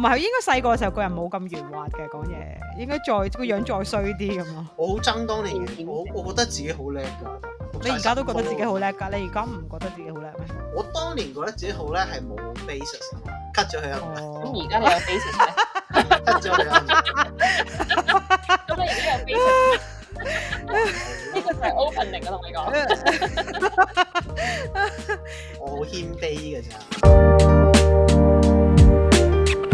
唔係，應該細個嘅時候，個人冇咁圓滑嘅講嘢，應該再個樣再衰啲咁咯。我好憎當年嘅，正我我覺得自己好叻㗎。你而家都覺得自己好叻㗎？你而家唔覺得自己好叻咩？我當年覺得自己好叻係冇 basis 啊，cut 咗佢啊。咁而家你有 basis，cut 咗佢啊。咁你而家有 basis，呢個就係 opening 啊！同你講，我好謙卑㗎咋。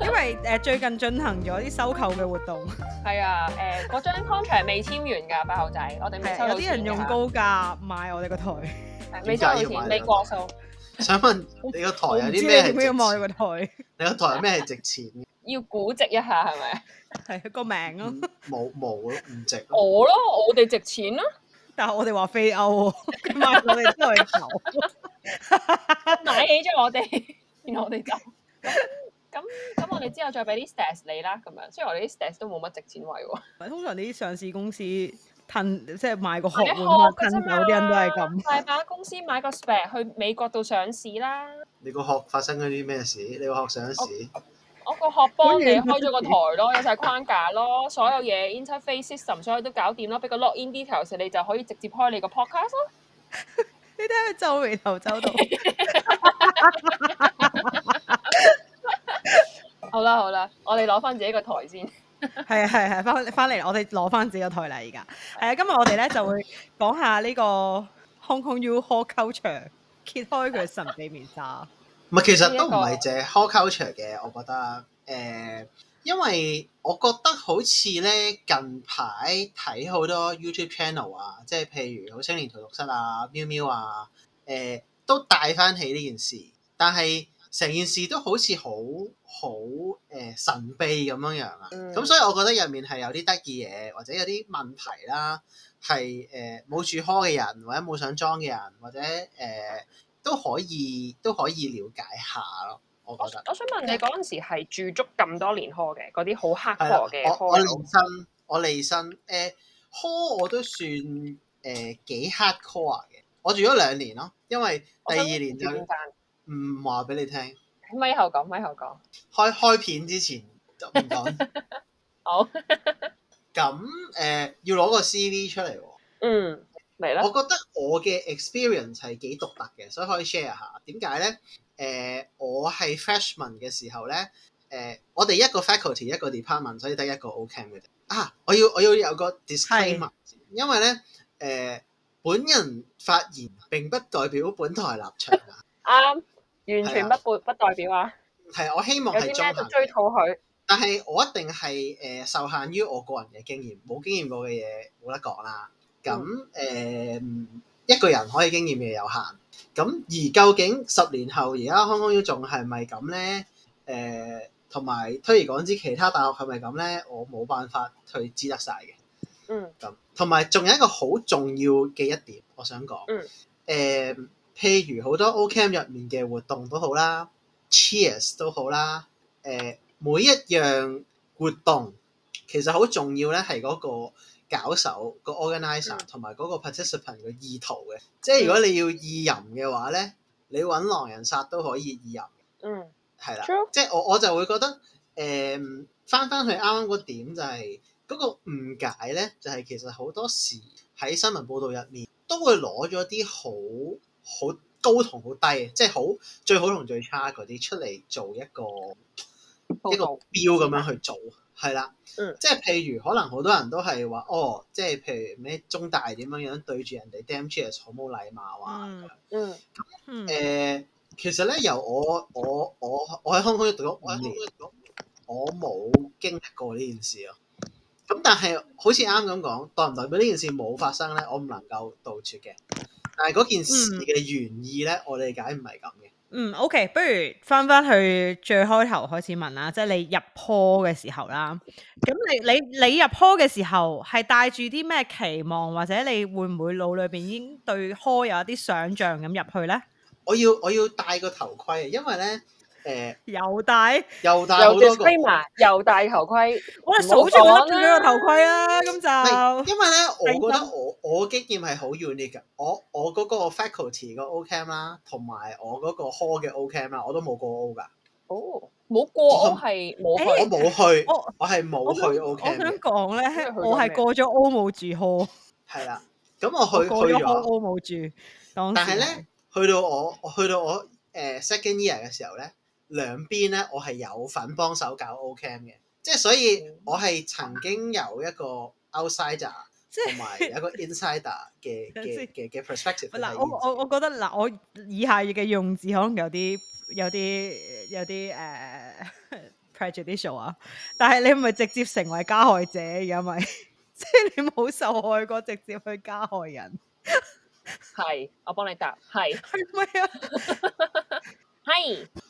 因為誒、呃、最近進行咗啲收購嘅活動，係啊，誒、呃、嗰張 contract 未簽完㗎，八號仔，我哋未、啊、有啲人用高價買我哋個台，未收錢，未過數。想問你個台有啲咩要係值錢？你個台有咩值錢？ 要估值一下係咪？係個名咯，冇冇咯，唔值。 我咯，我哋值錢咯，但係我哋話非歐， 買我哋內購，買 起咗我哋，然後我哋走。 咁咁，我哋之後再俾啲 stats 你啦 st，咁樣。雖然我哋啲 stats 都冇乜值錢位喎。通常你啲上市公司吞，即係買個學換個學學、啊、有啲人都係咁大把公司買個 spec 去美國度上市啦。你個學發生咗啲咩事？你個學上市？我個學幫你開咗個台咯，有晒框架咯，所有嘢 interface system 所以都搞掂咯，俾個 login details 你就可以直接開你個 podcast 咯。 你睇佢皺眉頭皺到。 好啦好啦，我哋攞翻自己個台先。係啊係係，翻翻嚟我哋攞翻自己個台嚟。而家。係啊，今日我哋咧 就會講下呢、這個 Hong Kong U Hall Culture，揭開佢神秘面紗。唔係，其實都唔係淨係 hall Culture 嘅，我覺得誒、呃，因為我覺得好似咧近排睇好多 YouTube channel 啊，即係譬如好青年荼毒室啊、喵喵、喵啊，誒、呃、都帶翻起呢件事，但係。成件事都好似好好誒神秘咁樣樣啊！咁、嗯、所以我覺得入面係有啲得意嘢，或者有啲問題啦，係誒冇住 hall 嘅人，或者冇想裝嘅人，或者誒都可以都可以了解下咯。我覺得。我，我想問你嗰陣時係住足咁多年 hall 嘅嗰啲好黑 hall 嘅？我我離身，我離身誒 hall、呃、我都算誒幾黑 hall 嘅，我住咗兩年咯，因為第二年就。唔話俾你聽，咪後講咪後講。開開片之前就唔講。好咁誒，要攞個 C.V. 出嚟。嗯，嚟啦。我覺得我嘅 experience 係幾獨特嘅，所以可以 share 下點解咧？誒、呃，我係 freshman 嘅時候咧，誒、呃，我哋一個 faculty 一個 department，所以得一個 O-camp 嘅。啊，我要我要有個 disclaimer，因為咧誒、呃，本人發言並不代表本台立場啊。啱。 um, 完全不不不代表啊，係我希望係追討佢。但係我一定係誒、呃、受限於我個人嘅經驗，冇經驗過嘅嘢冇得講啦。咁誒、嗯呃、一個人可以經驗嘅有限。咁、呃、而究竟十年後而家康康要仲係咪咁咧？誒同埋推而廣之，其他大學係咪咁咧？我冇辦法去知得晒嘅。嗯。咁同埋仲有一個好重要嘅一點，我想講。嗯。呃呃譬如好多 Ocamp 入面嘅活動都好啦，Cheers 都好啦。誒，每一樣活動其實好重要咧，係嗰個搞手個 organizer 同埋嗰個 participant 嘅意圖嘅。即係如果你要意淫嘅話咧，你揾狼人殺都可以意淫。嗯，係啦，即係我我就會覺得誒，翻翻去啱啱嗰點就係嗰個誤解咧，就係其實好多時喺新聞報導入面都會攞咗啲好好高同好低，即係好最好同最差嗰啲出嚟做一個好好一個標咁樣去做，係啦。即係譬如可能好多人都係話哦，即係譬如咩中大點樣樣對住人哋 damn cheers 好冇禮貌啊。嗯對嗯。咁誒，其實咧由我我我我喺香港讀咗五年，我冇、嗯、經歷過呢件事咯。咁、嗯、但係好似啱啱咁講，代唔代表呢件事冇發生咧？我唔能夠杜絕嘅。但係嗰件事嘅原意咧，嗯、我理解唔係咁嘅。嗯，OK，不如翻翻去最開頭開始問啦，即係你入坡嘅時候啦。咁你你你入坡嘅時候係帶住啲咩期望，或者你會唔會腦裏邊已經對坡有一啲想像咁入去咧？我要我要戴個頭盔，因為咧。誒，又戴又戴好多個，又戴頭盔。我數住我笠住幾個頭盔啦，咁就。因為咧，我覺得我我經驗係好 unique 嘅。我我嗰個 faculty 個 O-camp 啦，同埋我嗰個 hall 嘅 O-camp 啦，我都冇過 O 噶。哦，冇過。我係我冇去，我係冇去 O-camp。我想講咧，我係過咗 O 冇住 hall。係啦，咁我去去咗 O 冇住。但係咧，去到我去到我誒 second year 嘅時候咧。兩邊咧，我係有份幫手搞 Ocamp 嘅，即、就、係、是、所以我係曾經有一個 outsider 同埋有一個 insider 嘅嘅嘅、就是、perspective。嗱、啊，我我我覺得嗱、啊，我以下嘅用字可能有啲有啲有啲誒、uh, prejudicial 啊，但係你唔係直接成為加害者，而係即係你冇受害過，直接去加害人。係， 我幫你答。係，係咪啊？係。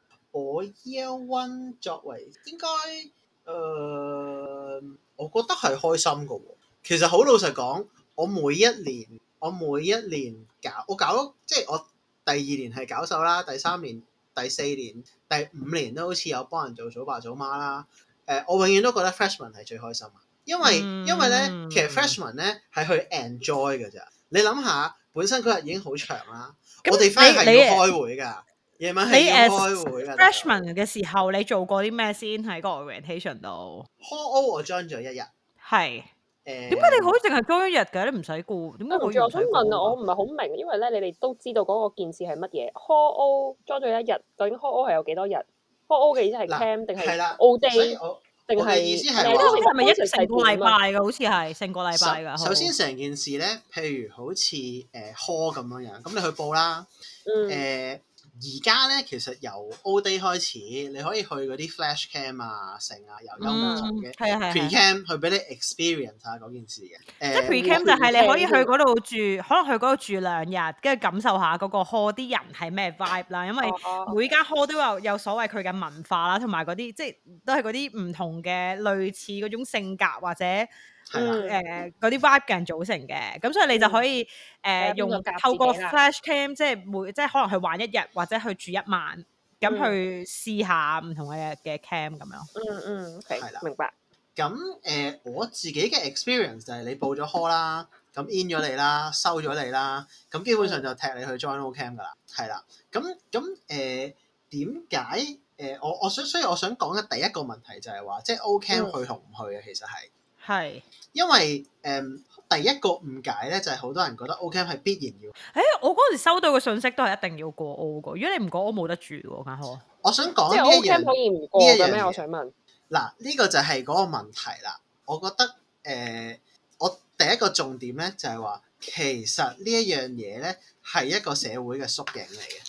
我 Year One 作為應該，誒、呃，我覺得係開心噶喎。其實好老實講，我每一年，我每一年搞，我搞到即係我第二年係搞手啦，第三年、第四年、第五年都好似有幫人做祖爸祖媽啦。誒、呃，我永遠都覺得 Freshman 係最開心啊，因為、嗯、因為咧，其實 Freshman 咧係去 enjoy 嘅咋。你諗下，本身嗰日已經好長啦，你我哋翻嚟要開會噶。你 as freshman 嘅時候，你做過啲咩先喺嗰個 orientation 度？Hall，我 join 咗一日。係。誒，點解你可以淨係 join 一日嘅咧？唔使過，點解可以？跟住我想問啊，我唔係好明，因為咧你哋都知道嗰個件事係乜嘢？Hall，join 咗一日，究竟 Hall 係有幾多日？Hall 嘅意思係 camp 定係 O day，定係？意思係，咧好似係咪一成成個禮拜嘅？好似係成個禮拜噶。首先，成件事咧，譬如好似誒 Hall 咁樣樣，咁你去報啦。嗯。誒。而家咧，其實由 All Day 開始，你可以去嗰啲 Flash Cam 啊、成啊、遊金啊嘅 Pre Cam 的去俾你 experience 下嗰件事嘅。即 Pre Cam、嗯、就係你可以去嗰度住，可能去嗰度住兩日，跟住感受下嗰個 hall 啲人係咩 vibe 啦。因為每間 hall 都有有所謂佢嘅文化啦，同埋嗰啲即都係嗰啲唔同嘅類似嗰種性格或者。係啦，誒嗰啲 vibe 嘅人組成嘅，咁所以你就可以誒用、呃、透過 flash cam，即係每即係可能去玩一日或者去住一晚，咁去試下唔同嘅嘅 cam 咁樣。嗯嗯，OK，係啦，明白。咁誒，我自己嘅 experience 就係你報咗 call 啦，咁 in 咗你啦，收咗你啦，咁基本上就踢你去 join O camp 噶啦，係啦。咁咁誒點解誒我我想所以我想，想講嘅第一個問題就係、是、話，即係 O camp 去同唔去嘅其實係係。因為誒、嗯，第一個誤解咧就係、是、好多人覺得 O-camp 係必然要。誒、欸，我嗰時收到嘅信息都係一定要過 O 嘅，如果你唔過 O 冇得住嘅，好。我想講呢一，O-camp 可以唔過咩？我想問。嗱，呢、這個就係嗰個問題啦。我覺得誒、呃，我第一個重點咧就係、是、話，其實呢一樣嘢咧係一個社會嘅縮影嚟嘅。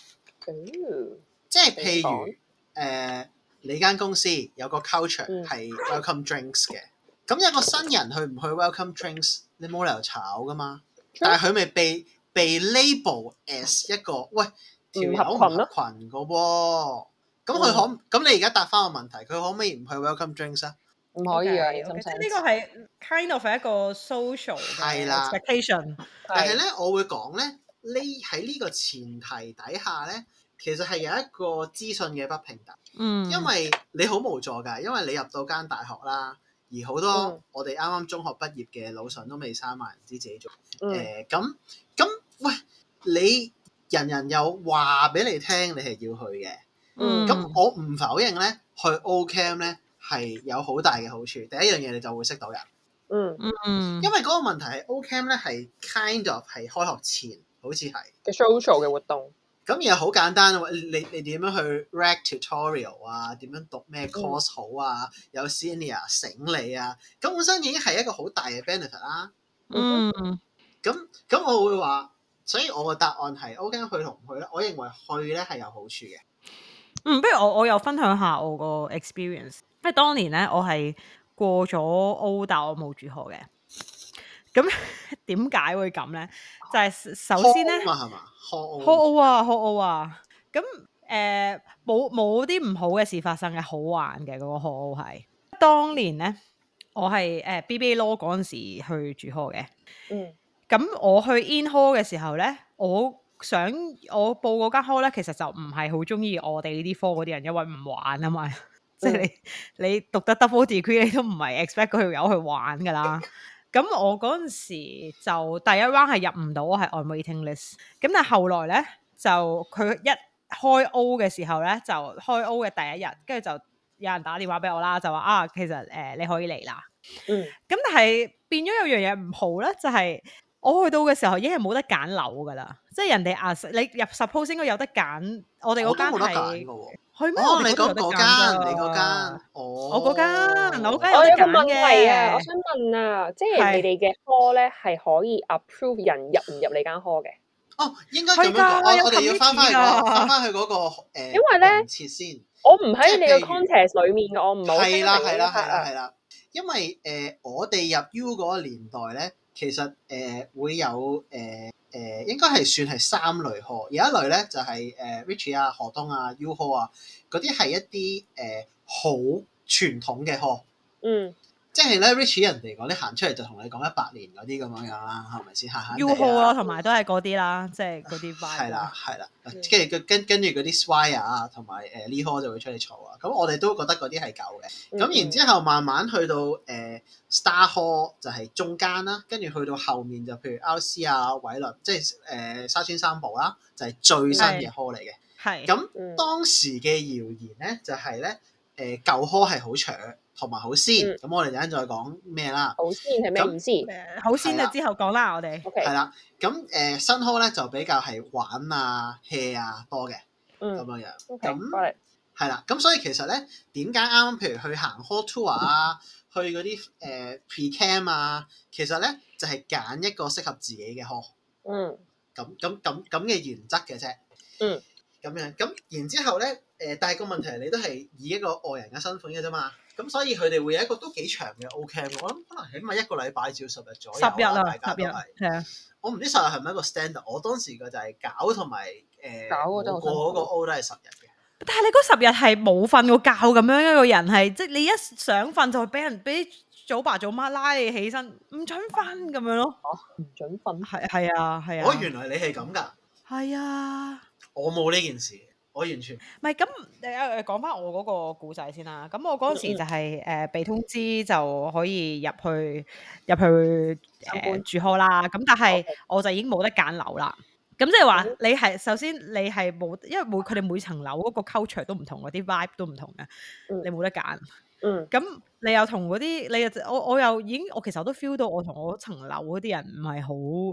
哦、即係譬如誒說、呃，你間公司有個 culture 係、嗯、welcome drinks 嘅。咁一個新人去唔去 Welcome Drinks，你冇理由炒噶嘛？但係佢咪被、嗯、被，被 label as 一個喂，唔合咯，群個噃。咁佢可咁，你而家答翻個問題，佢可唔可以唔去 Welcome Drinks 啊？唔可以啊！其實呢個係 kind of 一個 social 係啦 expectation。了的但係咧，我會講咧，呢喺呢個前提底下咧，其實係有一個資訊嘅不平等。嗯。因為你好無助㗎，因為你入到間大學啦。而好多我哋啱啱中學畢業嘅腦囟都未生埋，唔知自己做。誒咁咁，喂！你人人又話俾你聽，你係要去嘅。咁、嗯、我唔否認咧，去 Ocamp 咧係有好大嘅好處。第一樣嘢你就會識到人。嗯嗯，嗯因為嗰個問題係 Ocamp 咧係 kind of，係開學前，好似係嘅 social 嘅活動。咁然後好簡單，你你點樣去 rack tutorial 啊？點樣讀咩 course 好啊？嗯、有 senior 醒你啊！咁本身已經係一個好大嘅 benefit 啦。嗯，咁咁、嗯、我會話，所以我個答案係 OK 去同唔去咧？我認為去咧係有好處嘅。嗯，不如我我又分享下我個 experience，因為當年咧我係過咗 O，但我冇住 hall 嘅。咁點解會咁咧？就係、是、首先咧，hall 啊，hall 啊。咁誒冇冇啲唔好嘅事發生嘅，那個、好玩嘅嗰個 hall 係。當年咧，我係誒 BBA Law 嗰陣時去住 hall 嘅。嗯。咁、嗯、我去 in hall 嘅時候咧，我想我報嗰間 hall 咧，其實就唔係好中意我哋呢啲科嗰啲人，因為唔玩啊嘛。即 係你你讀得 double degree，你都唔係 expect 佢有去玩噶啦。嗯。咁我嗰陣時就第一 round 係入唔到，我係 on waiting list。咁但係後來咧就佢一開 O 嘅時候咧就開 O 嘅第一日，跟住就有人打電話俾我啦，就話啊其實誒、呃、你可以嚟啦。嗯。咁但係變咗有樣嘢唔好咧，就係、是。我去到嘅時候已經係冇得揀樓噶啦，即係人哋啊，你入十鋪應該有得揀。我哋嗰間冇得揀。㗎係咩？我哋嗰間，你嗰間，我我嗰間，我嗰間有得揀嘅。我想問啊，即係你哋嘅科咧，係可以 approve 人入唔入你間科嘅？哦，應該咁樣講，我哋要翻翻去翻翻去嗰個誒，因為咧，切先，我唔喺你個 context 裏面，我唔冇。係啦，係啦，係啦，係啦。因為誒，我哋入 U 嗰個年代咧。其實誒、呃、會有誒誒、呃呃、應該係算係三類學，有一類咧就係、是、誒、呃、Richie 啊、何東啊、U Hall 啊，嗰啲係一啲誒、呃、好傳統嘅學。嗯。即係咧，Ricci 人哋講，你行出嚟就同你講一百年嗰啲咁樣樣，啊，啦，係咪先？U Hall 同埋都係嗰啲啦，即係嗰啲。係啦，係啦，嗯，跟住跟跟跟住嗰啲 Swire 啊，同埋誒 Lee Hall 就會出嚟嘈啊。咁我哋都覺得嗰啲係舊嘅。咁然之後，後慢慢去到誒，呃、Star Hall，就係中間啦，跟住去到後面就譬如 RC 啊、偉倫，即係誒沙川三寶啦，就係，是、最新嘅 hall 嚟嘅。係。咁，嗯嗯嗯、當時嘅謠言咧，就係咧舊 hall 係好搶。呃同埋好先，咁我哋陣間再講咩啦？好先係咩意思？好先啊，之後講啦，我哋係啦。咁誒，新 hall 咧就比較係玩啊、hea 啊多嘅咁樣樣咁係啦。咁所以其實咧，點解啱？譬如去行 hall tour 啊，去嗰啲誒 pre-cam 啊，其實咧就係揀一個適合自己嘅 hall。嗯，咁咁咁咁嘅原則嘅啫。嗯，咁樣咁然之後咧誒，但係個問題，你都係以一個外人嘅身份嘅啫嘛。咁、嗯、所以佢哋會有一個都幾長嘅 O camp 我諗可能起碼一個禮拜，只要十日左右。十日啦，十日。啊、我唔知十日係咪一個 standard 我當時個就係搞同埋誒搞過嗰個 O 都係十日嘅。但係你嗰十日係冇瞓過覺，咁樣一個人係，即係你一想瞓就會俾人俾早爸早媽拉你起身，唔准瞓咁樣咯。唔准瞓，係係啊，係啊！哦，啊啊、原來你係咁㗎。係啊。啊，我冇呢件事。我完全唔係咁誒誒，講翻我嗰個故仔先啦。咁我嗰陣時就係、是、誒、 呃、被通知就可以入去入去誒、呃、住開啦。咁但係我就已經冇得揀樓啦。咁即係話你係首先你係冇，因為每佢哋每層樓嗰個 culture 都唔同，嗰啲 vibe 都唔同嘅，你冇得揀、嗯。嗯。咁你又同嗰啲你又我我又已經我其實我都 feel 到我同我嗰層樓嗰啲人唔係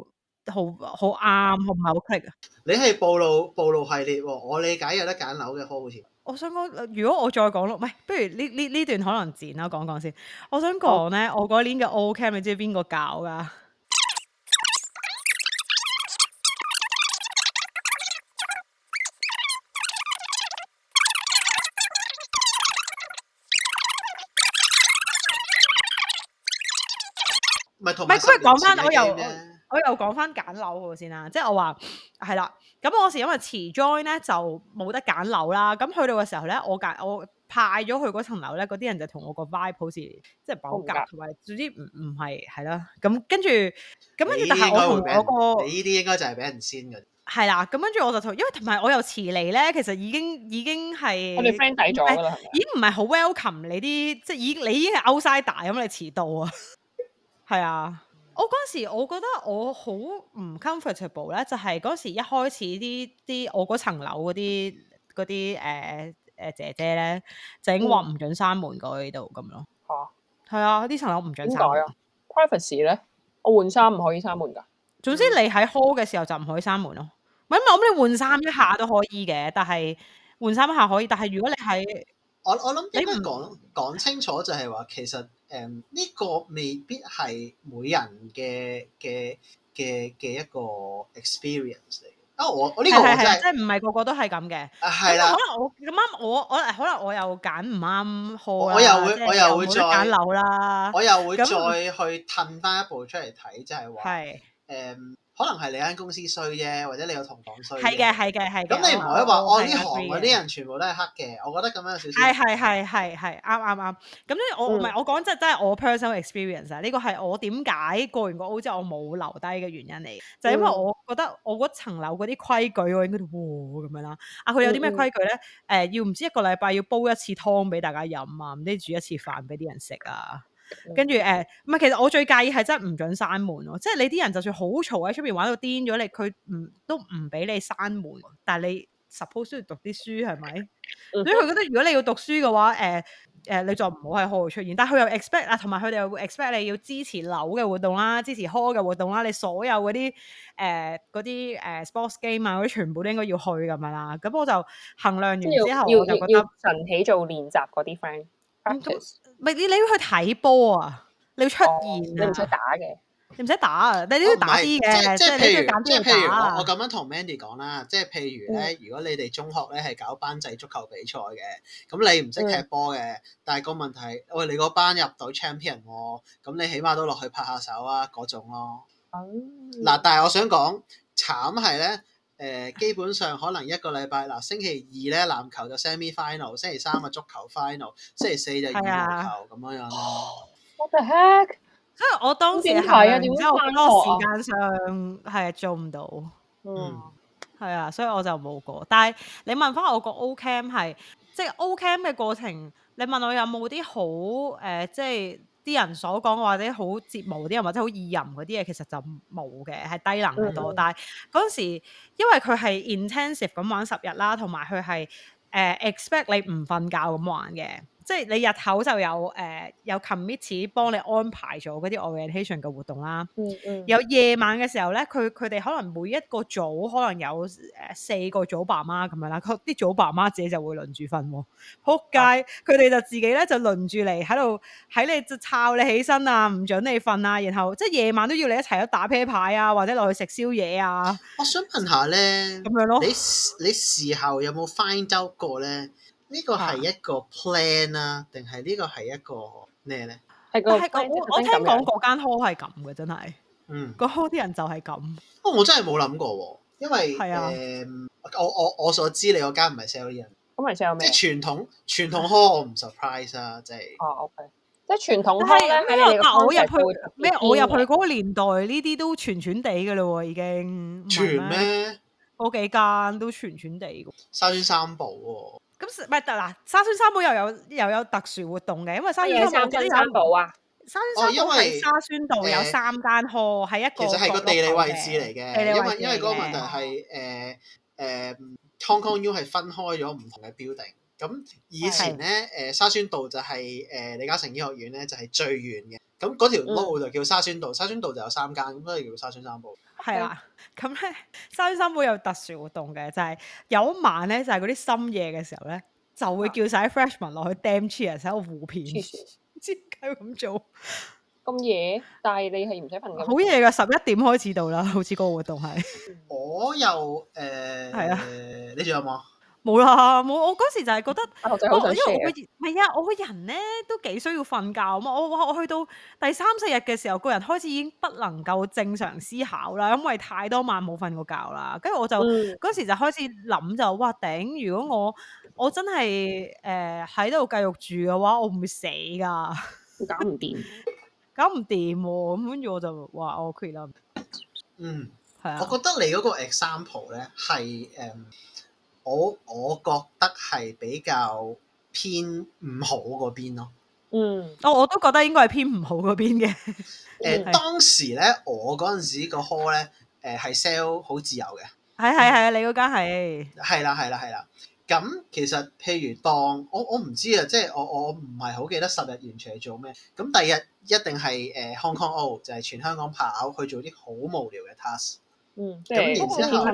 好。好好啱，唔係好激啊！你係暴露暴露系列喎、哦，我理解有得揀樓嘅可好似。我想講，如果我再講咯，唔係，不如呢呢呢段可能剪啦，講講先。我想講咧，哦、我嗰年嘅 O-camp，你知邊個搞㗎？咪同咪，不如講翻，我又我又講翻揀樓喎先啦。即係我話係啦。咁我時因為遲 join 咧，就冇得揀樓啦。咁去到嘅時候咧，我揀我派咗去嗰層樓咧，嗰啲人就同我個 vibe 好似即係冇夾，同埋的總之唔唔係係啦。咁跟住咁跟住，但係我同我、嗰個你呢啲應,應該就係俾人先嘅。係啦。咁跟住我就同，因為同埋我又遲嚟咧，其實已經已經係我哋 friend 低咗已經唔係好 welcome 你啲，即係已你,你已經係 outsider。咁，你遲到啊！係啊，我嗰陣時我覺得我好唔 comfortable 咧，就係嗰陣時一開始啲啲我嗰層樓嗰啲啲誒誒姐姐咧，整話唔準閂門嗰度咁咯。嚇、嗯，係啊，呢層樓唔准閂。點解啊？Privacy 咧，我換衫唔可以閂門㗎。總之你喺 hall 嘅時候就唔可以閂門咯。唔係，我咩換衫一下都可以嘅，但係換衫一下可以，但係如果你喺我我諗應該講講清楚就，就係話其實誒呢、嗯這個未必係每人嘅嘅嘅嘅一個 experience 嚟，啊我我呢個係即係唔係個個都係咁嘅。係啦，可能我咁啱我我可能我又揀唔啱，好我又會又我又會揀樓啦。我又會再去褪返一步出嚟睇，即係話係誒。的可能係你間公司衰啫，或者你有同房衰。係嘅，係嘅，係嘅。咁你唔可以話我啲行啲的人全部都係黑嘅，的我覺得咁樣有少少。係係係係係，啱啱啱。咁所以我唔係、嗯、我講真，的真的我，係真係我 personal experience 啊，呢個係我點解過完個 O 之後我冇留低嘅原因嚟，就係、是、因為我覺得我嗰層樓嗰啲規矩我應該喎咁樣啦。啊，佢有啲咩規矩咧？誒、嗯呃，要唔知一個禮拜要煲一次湯俾大家飲啊，唔知煮一次飯俾啲人食啊。跟住誒，唔、呃、係，其實我最介意係真係唔准閂門，即係你啲人就算好嘈喺出面玩到癲咗，你佢唔都唔俾你閂門。但係你 supposed 要讀啲書係咪？嗯、哼所以佢覺得如果你要讀書嘅話，誒、呃、誒、呃，你就唔好喺 hall 出現。但係佢又 expect 啊，同埋佢哋又會 expect 你要支持樓嘅活動啦，支持 hall 嘅活動啦。你所有嗰啲誒啲誒 sports game 啊嗰啲，全部都應該要去咁樣啦。咁我就衡量完之後，我就覺得晨起做練習嗰啲 friend。呃唔你你要去睇波啊！你要出現你唔使打嘅，你唔使打啊！但係你，打你要打啲嘅、哦，即係你要揀邊個打。我咁樣同 Mandy 講啦，即係譬如咧，如果你哋中學咧係搞班際足球比賽嘅，咁你唔識踢波嘅，嗯、但係個問題，喂，你個班入到 champion 喎、啊，咁你起碼都落去拍下手啊嗰種咯、啊。嗱、嗯，但係我想講，慘係咧。誒基本上可能一個禮拜嗱，星期二咧籃球就 semi final，星期三啊足球 final，星期四就羽毛球咁樣、啊、樣。哦、What the heck！所以 我當時行完之後時間上係做唔到，嗯，係啊，所以我就冇過。但係你問翻我個 O camp 係即係 O camp 嘅過程，你問我有冇啲好誒、呃，即係。啲人所講或者好折磨啲啊或者好意淫嗰啲嘢其實就冇嘅，係低能嘅多。嗯、但係嗰陣時，因為佢係 intensive 咁玩十日啦，同埋佢係誒 expect 你唔瞓覺咁玩嘅。即係你日頭就有誒、呃、有 committee 幫你安排咗嗰啲 orientation 嘅活動啦。有夜、嗯嗯、晚嘅時候咧，佢佢哋可能每一個組可能有誒四個組爸媽咁樣啦。啲組爸媽自己就會輪住瞓喎，仆街！佢哋、啊、就自己咧就輪住嚟喺度喺你就抄你起身啊，唔准你瞓啊。然後即係夜晚都要你一齊去打啤牌啊，或者落去食宵夜啊，啊。我想問下咧，你你事後有冇 find out 過咧？呢個係一個 plan 啊，定係呢個係一個咩咧？係個我聽講嗰間 hall 係咁嘅，真係。嗯，l l 啲人就係咁。我真係冇諗過，因為誒，我我我所知你嗰間唔係 s e l l i 咁 g 唔係 selling 咩？即係傳統傳統鋪，唔 surprise 啊，即係。哦，OK，即係傳統鋪咧喺你入去咩？我入去嗰個年代，呢啲都傳傳地嘅咯，已經。傳咩？嗰幾間都傳傳地新三部喎。咁唔嗱沙宣三寶又有又有特殊活動嘅，因為沙宣三,三寶啊。沙宣三寶係沙宣道有三間 hall 喺、哦、一個，其實係個地理位置嚟嘅。因為因為嗰個問題係誒誒 c o n c o U 係分開咗唔同嘅 building。咁、嗯、以前咧誒是的 沙宣道就係、是、誒、呃、李嘉誠醫學院咧就係最遠嘅。咁嗰條路就叫沙宣道，沙宣道就有三間，咁所以叫沙宣三寶。係啦，咁咧、嗯，三心會有特殊活動嘅，就係、是、有一晚咧，就係嗰啲深夜嘅時候咧，就會叫晒啲 freshman 落去 dem cheer 喺度胡片。點解咁做？咁夜，但係你係唔使瞓覺。好夜㗎，十一點開始到啦，好似個活動係。我又誒，係、呃、啊，你仲有冇？冇啦，冇，我嗰時就係覺得，啊、因為我嘅，唔係啊，我個人咧都幾需要瞓覺啊嘛。我我去到第三四日嘅時候，個人開始已經不能夠正常思考啦，因為太多晚冇瞓過覺啦。跟住我就嗰、嗯、時就開始諗，就哇頂！如果我我真係誒喺度繼續住嘅話，我唔會死噶，搞唔掂， 搞唔掂喎。咁跟住我就話我 quit 啦。嗯，係啊，我覺得你嗰個 example 咧係誒。我我覺得係比較偏唔好嗰邊咯。嗯，我、哦、我都覺得應該係偏唔好嗰邊嘅。誒、呃嗯、當時咧，我嗰陣時個 hall 咧，誒係 sell 好自由嘅。係係係，你嗰間係係啦係啦係啦。咁其實譬如當我我唔知啊，即係我我唔係好記得十日完全係做咩。咁第二日一定係誒 Hong Kong O 就係、是、全香港跑去做啲好無聊嘅 task。嗯，咁然後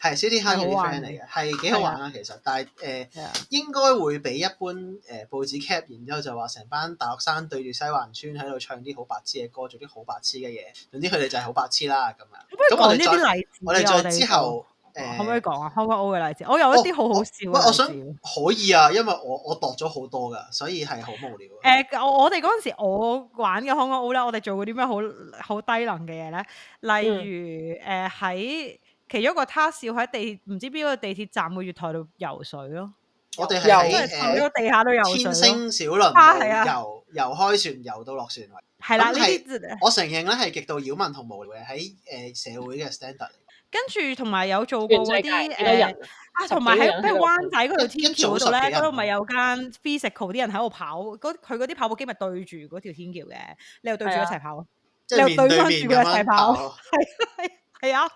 係小 T，high 啲 friend 嚟嘅，係幾好玩啊！的其實，但係誒、呃、的應該會畀一般誒、呃、報紙 cap，然之後就話成班大學生對住西環村喺度唱啲好白痴嘅歌，做啲好白痴嘅嘢。總之佢哋就係好白痴啦咁樣。咁我哋再我哋再、啊、再之後誒，啊呃、可唔可以講啊？康康 O 嘅例子，哦、我有一啲好好笑啊！我想可以啊，因為我我度咗好多㗎，所以係好無聊。誒、呃，我哋嗰陣時我玩嘅康康 O 咧，我哋做過啲咩好好低能嘅嘢咧？例如誒喺。嗯呃其中一個他少喺地鐵唔知邊個地鐵站個月台度游水咯，我哋喺誒地下都游水星小輪咯，他係啊，游開船游到落船位，係啦，呢啲我承認咧係極度擾民同無聊嘅。喺誒社會嘅 standard。跟住同埋有做過嗰啲人，啊，同埋喺咩灣仔嗰條天橋嗰度咧，嗰度咪有間 physical 啲人喺度跑，佢嗰啲跑步機咪對住嗰條天橋嘅，你又對住一齊跑，你又對住佢一齊跑，係。係 啊，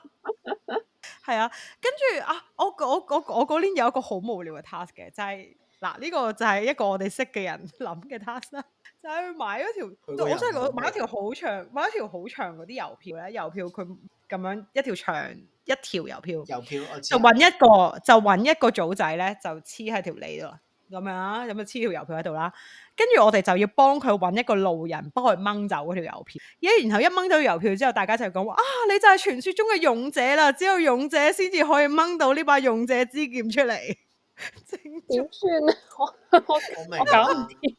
係啊，跟住啊，我我我我嗰年有一個好無聊嘅 task 嘅，就係嗱呢個就係一個我哋識嘅人諗嘅 task 啦，就係、是、買咗條，我真係買咗條好長，買咗條好長嗰啲郵票咧，郵票佢咁樣一條長一條郵票，郵票就搵一個就搵一個組仔咧，就黐喺條脷度，咁樣啊，咁就黐條郵票喺度啦。跟住我哋就要幫佢揾一個路人，幫佢掹走嗰條郵票。咦？然後一掹到郵票之後，大家就講話：啊，你就係傳說中嘅勇者啦！只有勇者先至可以掹到呢把勇者之劍出嚟。點算啊？我我我搞唔掂，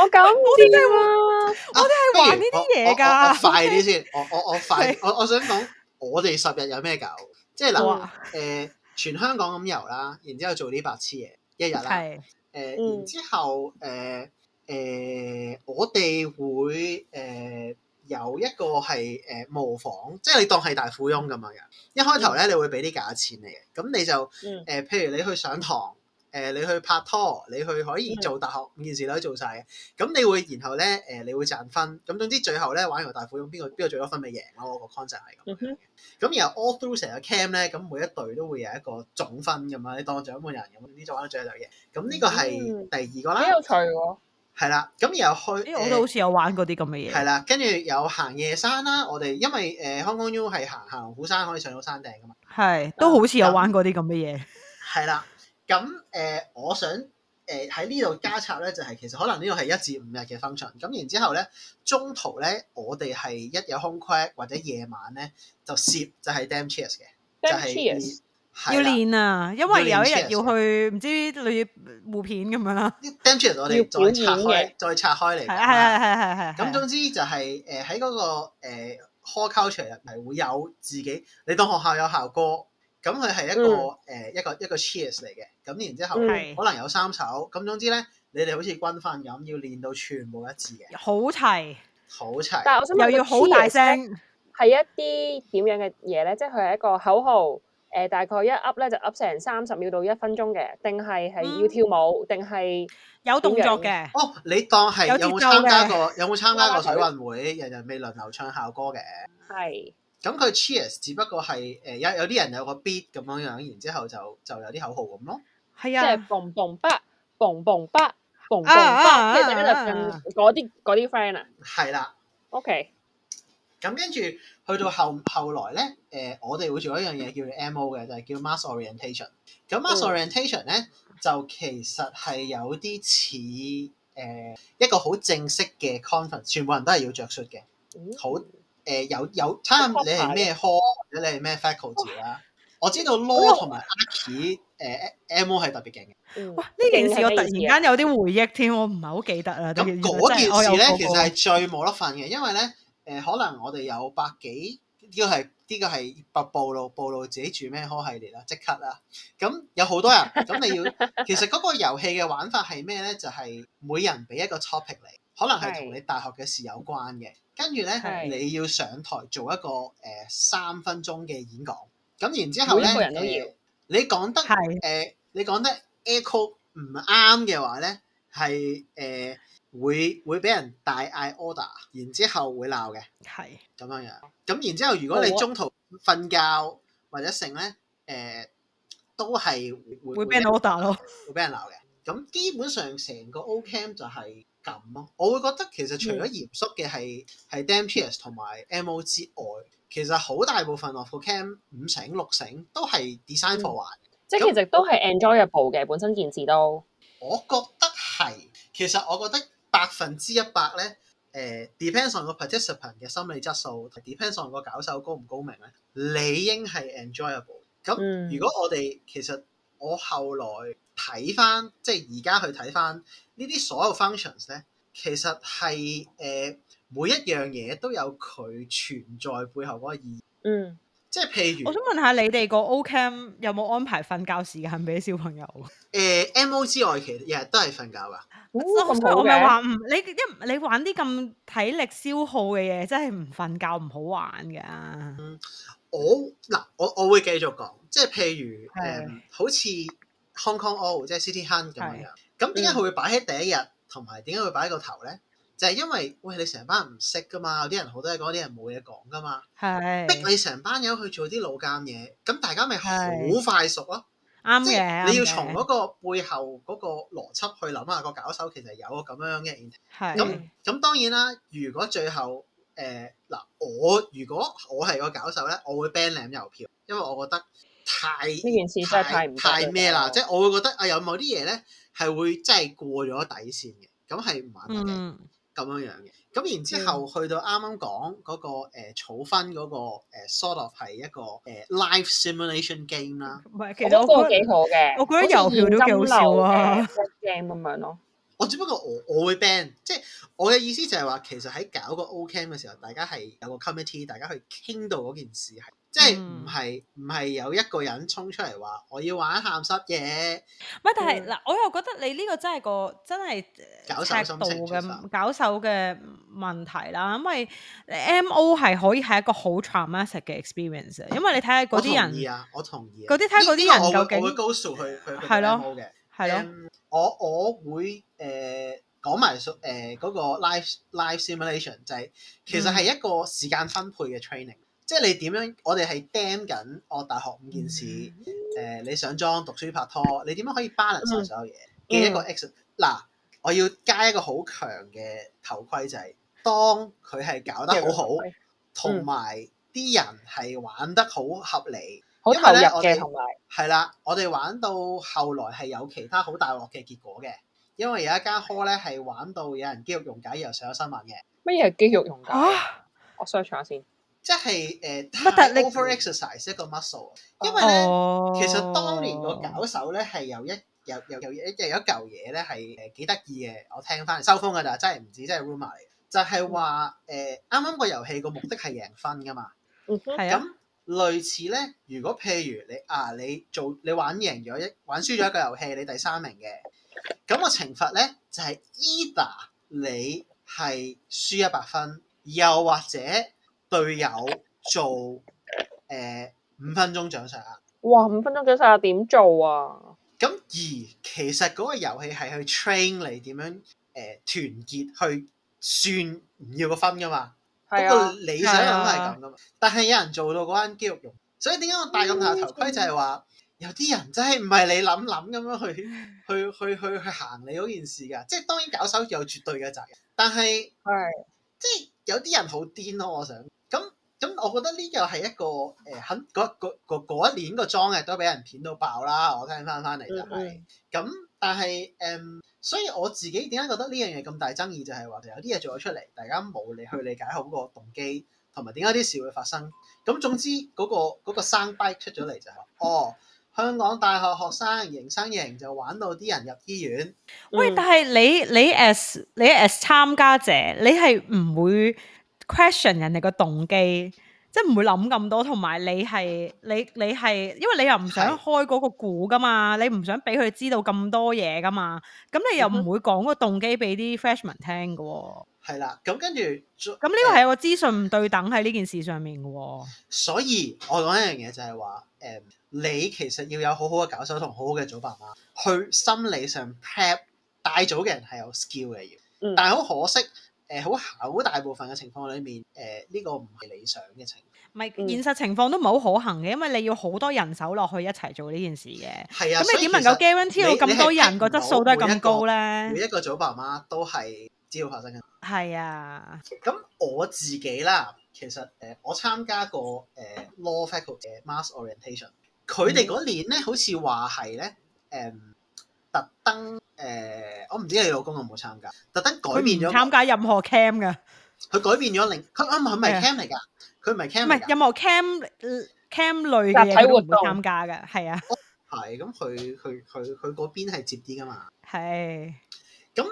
我搞唔掂，我哋係玩呢啲嘢噶。快啲先！我我我快！我我想講，我哋十日有咩搞？即係嗱，誒，全香港咁遊啦，然之後做呢白痴嘢一日啦，誒，然之後誒。誒、呃，我哋會誒、呃、有一個係誒、呃、模仿，即係你當係大富翁咁樣嘅。一開頭咧，你會俾啲價錢嚟嘅，咁你就誒、嗯呃，譬如你去上堂，誒、呃、你去拍拖，你去可以做大學、嗯、五件事，都可以做晒嘅。咁你會然後咧，誒、呃、你會賺分，咁總之最後咧玩完個大富翁，邊個邊個最多分咪贏咯？個 concept 係咁。咁、嗯、然後 all through 成個 cam 咧，咁每一隊都會有一個總分咁啊，你當獎門人咁呢種玩得最得意嘅。咁呢個係第二個啦。嗯、幾有趣喎！係啦，咁然後去，因為、欸、我都好似有玩過啲咁嘅嘢。係啦，跟住有行夜山啦。我哋因為誒、呃、Hong Kong U 係行行虎山可以上到山頂噶嘛，係的但都好似有玩過啲咁嘅嘢。係啦，咁誒、呃，我想誒喺、呃、呢度加插咧，就係、是、其實可能呢度係一至五日嘅 function。咁。然之後咧，中途咧我哋係一有空隙或者夜晚咧就攝就係 Dam Damn Cheers 嘅就係要練啊，因為有一日要去唔知類似舞片咁樣啦。當然我哋再拆開，再拆開嚟。係係係係係。咁總之就係誒喺嗰個誒 hall culture 入面會有自己，你當學校有校歌，咁佢係一個誒一個一個 cheers 嚟嘅。咁然之後可能有三首，咁總之咧，你哋好似軍訓咁，要練到全部一致嘅。好齊，好齊。但係我想又要好大聲，係一啲點樣嘅嘢咧？即係佢係一個口號。誒大概一噏咧就噏成三十秒到一分鐘嘅，定係係要跳舞，定係有動作嘅。哦，你當係有冇參加過，有冇參加過水運會？人人未輪流唱校歌嘅。係。咁佢 cheers，只不過係誒有有啲人有個 beat 咁樣樣，然之後就就有啲口號咁咯。係啊。即係 boom boom ba，boom boom ba，boom boom ba，跟住咧就跟嗰啲嗰啲 friend 啊。係啦。OK。咁跟住。去到後後來咧，誒我哋會做一樣嘢叫做 MO 嘅，就係叫 Mass Orientation。咁 Mass Orientation 咧，就其實係有啲似誒一個好正式嘅 conference，全部人都係要着恤嘅。好誒，有有睇下你係咩 hall，或者你係咩 faculty 啦？我知道 Law 同埋 Archi 誒 MO 係特別勁嘅。哇！呢件事我突然間有啲回憶添，我唔係好記得啦。咁嗰件事咧，其實係最冇得瞓嘅，因為咧。誒、呃、可能我哋有百幾，呢個係呢個係不暴露暴露自己住咩 hall 系列啦，即刻啦。咁有好多人，咁 你要其實嗰個遊戲嘅玩法係咩咧？就係、是、每人俾一個 topic 嚟，可能係同你大學嘅事有關嘅。跟住咧，呢是你要上台做一個誒、呃、三分鐘嘅演講。咁然之後咧，每人都要你講得誒是、呃，你講得 echo 唔啱嘅話咧，係誒。呃會會俾人大嗌 order，然之後會鬧嘅，係咁樣樣。咁然之後，如果你中途瞓覺或者成咧，誒、呃、都係會會俾人 order 咯，會俾人鬧嘅。咁 基本上成個 O camp 就係咁咯。我會覺得其實除咗嚴肅嘅係係 Damn PS 同埋 MO 之外，其實好大部分落個 cam 五成六成都係 design for 玩、嗯，即係那其實都係 enjoyable 嘅，本身件事都。我覺得係，其實我覺得。百分之一百咧，誒 depends on 個 participant 嘅心理質素，同 depends on 個搞手高唔高明咧，理應係 enjoyable。咁如果我哋其實我後來睇翻，即係而家去睇翻呢啲所有 functions 咧，其實係誒、呃、每一樣嘢都有佢存在背後嗰個意義。嗯即係譬如，我想問下你哋個 O-camp 有冇安排瞓覺時間俾小朋友？誒、呃，M O 之外，其實日日都係瞓覺噶。哦、我咪話唔，你一你玩啲咁體力消耗嘅嘢，真係唔瞓覺唔好玩噶，嗯。我嗱，我我會繼續講，即係譬如誒，呃、的好似 Hong Kong O 即係 City Hunt 咁樣。咁點解佢會擺喺第一日？同埋點解會擺喺個頭咧？就係因為，喂，你成班唔識噶嘛，有啲人好多嘢講，啲人冇嘢講噶嘛，係的逼你成班友去做啲老監嘢，咁大家咪好快熟咯，啱嘅的。你要從嗰個背後嗰個邏輯去諗下、個搞手其實有咁樣嘅，係咁咁當然啦。如果最後誒嗱、呃，我如果我係個搞手咧，我會 ban limit 郵票，因為我覺得太呢件事真係太太咩啦，即係我會覺得啊、哎，有某啲嘢咧係會真係過咗底線嘅，咁係唔玩嘅。嗯咁樣樣嘅，咁然之後去到啱啱講嗰個、嗯、草分嗰、嗰個 sort of 係一個誒 life simulation game 啦。唔係，其實我覺得幾好嘅，嗯、我覺得有料都幾好笑啊！game 咁樣咯。我只不過我我會 ban，即係我嘅意思就係話，其實喺搞個 O camp 嘅時候，大家係有個 committee，大家去傾到嗰件事係。嗯、即係唔係唔係有一個人衝出嚟話我要玩鹹濕嘢？唔但係是嗱，會我又覺得你呢個真係個真係搞手嘅問題啦，因為 MO 係可以係一個好 traumatic 嘅 experience，因為你睇下嗰啲人，我同意啊，我同意嗰啲睇嗰啲人究竟，我會，我會高數去去嘅，係咯，係咯 um, 我我會誒、呃、講埋誒嗰個 live live simulation 就係其實係一個時間分配嘅 training、嗯。即係你點樣？我哋係掟緊我大學五件事。誒、呃，你上莊、讀書、拍拖，你點樣可以 balance 所有嘢嘅、嗯、一個 ex？嗱，我要加一個好強嘅頭盔就仔、係，當佢係搞得好好，同埋啲人係玩得好合理。好投入嘅，係啦人，我哋玩到後來係有其他好大鑊嘅結果嘅，因為有一間 hall 咧係玩到有人肌肉溶解，解，然後上咗新聞嘅。乜嘢係肌肉溶解？我 search 下先。即係誒，太 overexercise 一個 muscle。因為咧，oh. 其實當年個搞手咧係有一有有有，有一嚿嘢咧係誒幾得意嘅。我聽翻收風噶咋，真係唔止，真係 rumor 嚟。就係話誒，啱、呃、啱個遊戲個目的係贏分噶嘛。嗯哼、mm。咁、hmm. 類似咧，如果譬如你啊，你做你玩贏咗一玩輸咗一個遊戲，你第三名嘅，咁個懲罰咧就係、是、，either 你係輸一百分，又或者。隊友做誒、呃、五分鐘掌上壓啊！哇，五分鐘掌上壓又點做啊？咁而其實嗰個遊戲係去 train 你點樣誒、呃、團結去算唔要個分噶嘛。不過、啊、理想咁係咁噶嘛，啊、但係有人做到嗰間肌肉用，所以點解我戴咁大頭盔就係話 有啲人真係唔係你諗諗咁樣去去去去去、去行你嗰件事㗎。即、就、係、是、當然搞手有絕對嘅責任，但係係即係有啲人好癲咯。我想咁我覺得呢個係一個誒，喺嗰一年個裝嘅都俾人騙到爆啦！我聽翻翻嚟就係咁，但係誒、嗯，所以我自己點解覺得呢樣嘢咁大爭議就，就係話有啲嘢做咗出嚟，大家冇理去理解好個動機，同埋點解啲事會發生。咁、嗯、總之嗰、那個嗰、那個 soundbite 出咗嚟就係、是，哦，香港大學學生迎生營就玩到啲人入醫院。喂，但係你你 as 你 as 參加者，你係唔會？Question 人哋個動機，即係唔會諗咁多，同埋你係你你係，因為你又唔想開嗰個股噶嘛，的你唔想俾佢知道咁多嘢噶嘛，咁你又唔會講個動機俾啲 freshman 聽嘅喎、哦。係啦，咁跟住咁呢個係有個資訊唔對等喺呢件事上面嘅喎、哦。所以我講一樣嘢就係話，誒、嗯，你其實要有好好嘅搞手同好好嘅組爸媽，去心理上 pat 大組嘅人係有 skill 嘅要，但係好可惜。嗯誒好好大部分嘅情況裏面，誒、呃、呢、這個唔係理想嘅情況。唔係、嗯、現實情況都唔係好可行嘅，因為你要好多人手落去一齊做呢件事嘅。係啊，咁你點能夠 guarantee 到咁多人個質素都係咁高咧？每一個組爸媽都係知道發生緊。係啊，咁我自己啦，其實誒、呃、我參加過誒、呃、Law Faculty 嘅 Mass Orientation、嗯。佢哋嗰年咧，好似話係咧誒。嗯嗯特登誒，我唔知你老公有冇參加，特登改變咗參加任何 cam 噶，佢改變咗另，佢啱唔係 cam 嚟噶，佢唔係 cam，唔係任何 cam cam 類嘅嘢會唔會參加嘅，係啊、嗯，係咁佢佢佢佢嗰邊係接啲噶嘛，係咁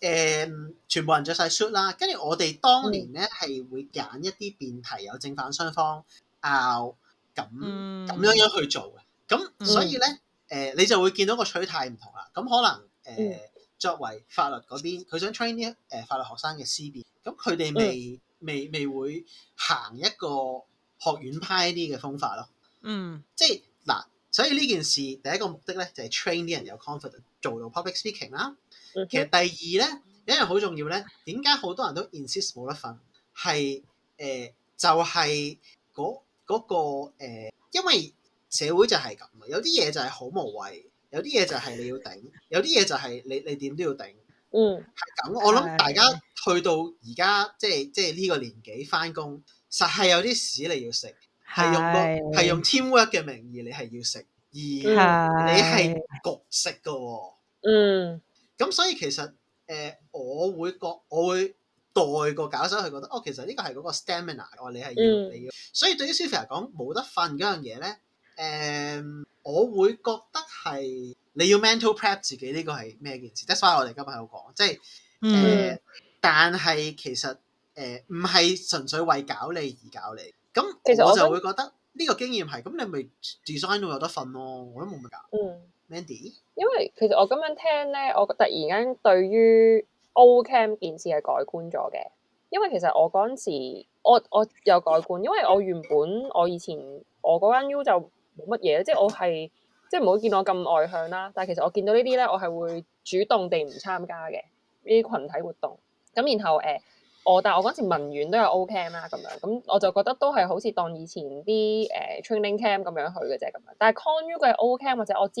誒，全部人着晒 suit 啦，跟住我哋當年咧係會揀一啲辯題有正反雙方拗咁咁樣、嗯嗯、樣去做嘅，咁所以咧。誒你就會見到個取態唔同啦，咁可能誒、呃、作為法律嗰邊，佢想 train 啲誒、呃、法律學生嘅思辨，咁佢哋未未未會行一個學院派啲嘅方法咯。嗯，即係嗱，所以呢件事第一個目的咧就係、是、train 啲人有 confidence 做到 public speaking 啦。其實第二咧有一樣好重要咧，點解好多人都 insist 冇得瞓係誒就係嗰嗰個、呃、因為。社會就係咁啊！有啲嘢就係好無謂，有啲嘢就係你要頂，有啲嘢就係你你點都要頂。嗯，係咁。我諗大家去到而家，即係即係呢個年紀返工，實係有啲屎你要食，係是用係用 teamwork 嘅名義，你係要食，而你係焗食噶喎。是嗯。咁所以其實誒、呃，我會覺我會代個搞手去覺得，哦，其實呢個係嗰個 stamina，我、哦、你係要、嗯、你要。所以對於 Sylvia 嚟講冇得瞓嗰樣嘢咧。誒，um, 我會覺得係你要 mental prep 自己呢個係咩件事？That's why 我哋今日有講，即係誒，mm hmm. uh, 但係其實誒唔係純粹為搞你而搞你。咁其實我就會覺得呢個經驗係咁，你咪 design 會有得瞓咯、啊，我都冇乜搞。嗯，Mandy，mm hmm. M 因為其實我咁樣聽咧，我突然間對於 O camp 件事係改觀咗嘅。因為其實我嗰陣時，我我有改觀，因為我原本我以前我嗰間 U 就。冇乜嘢即係我係即係冇見我咁外向啦，但係其實我見到呢啲咧，我係會主動地唔參加嘅呢啲群體活動。咁然後誒、欸，我但係我嗰陣時文院都有 O camp 啦，咁樣咁我就覺得都係好似當以前啲誒、欸、training camp 咁樣去嘅啫咁。但係 Con U 嘅 O camp 或者我知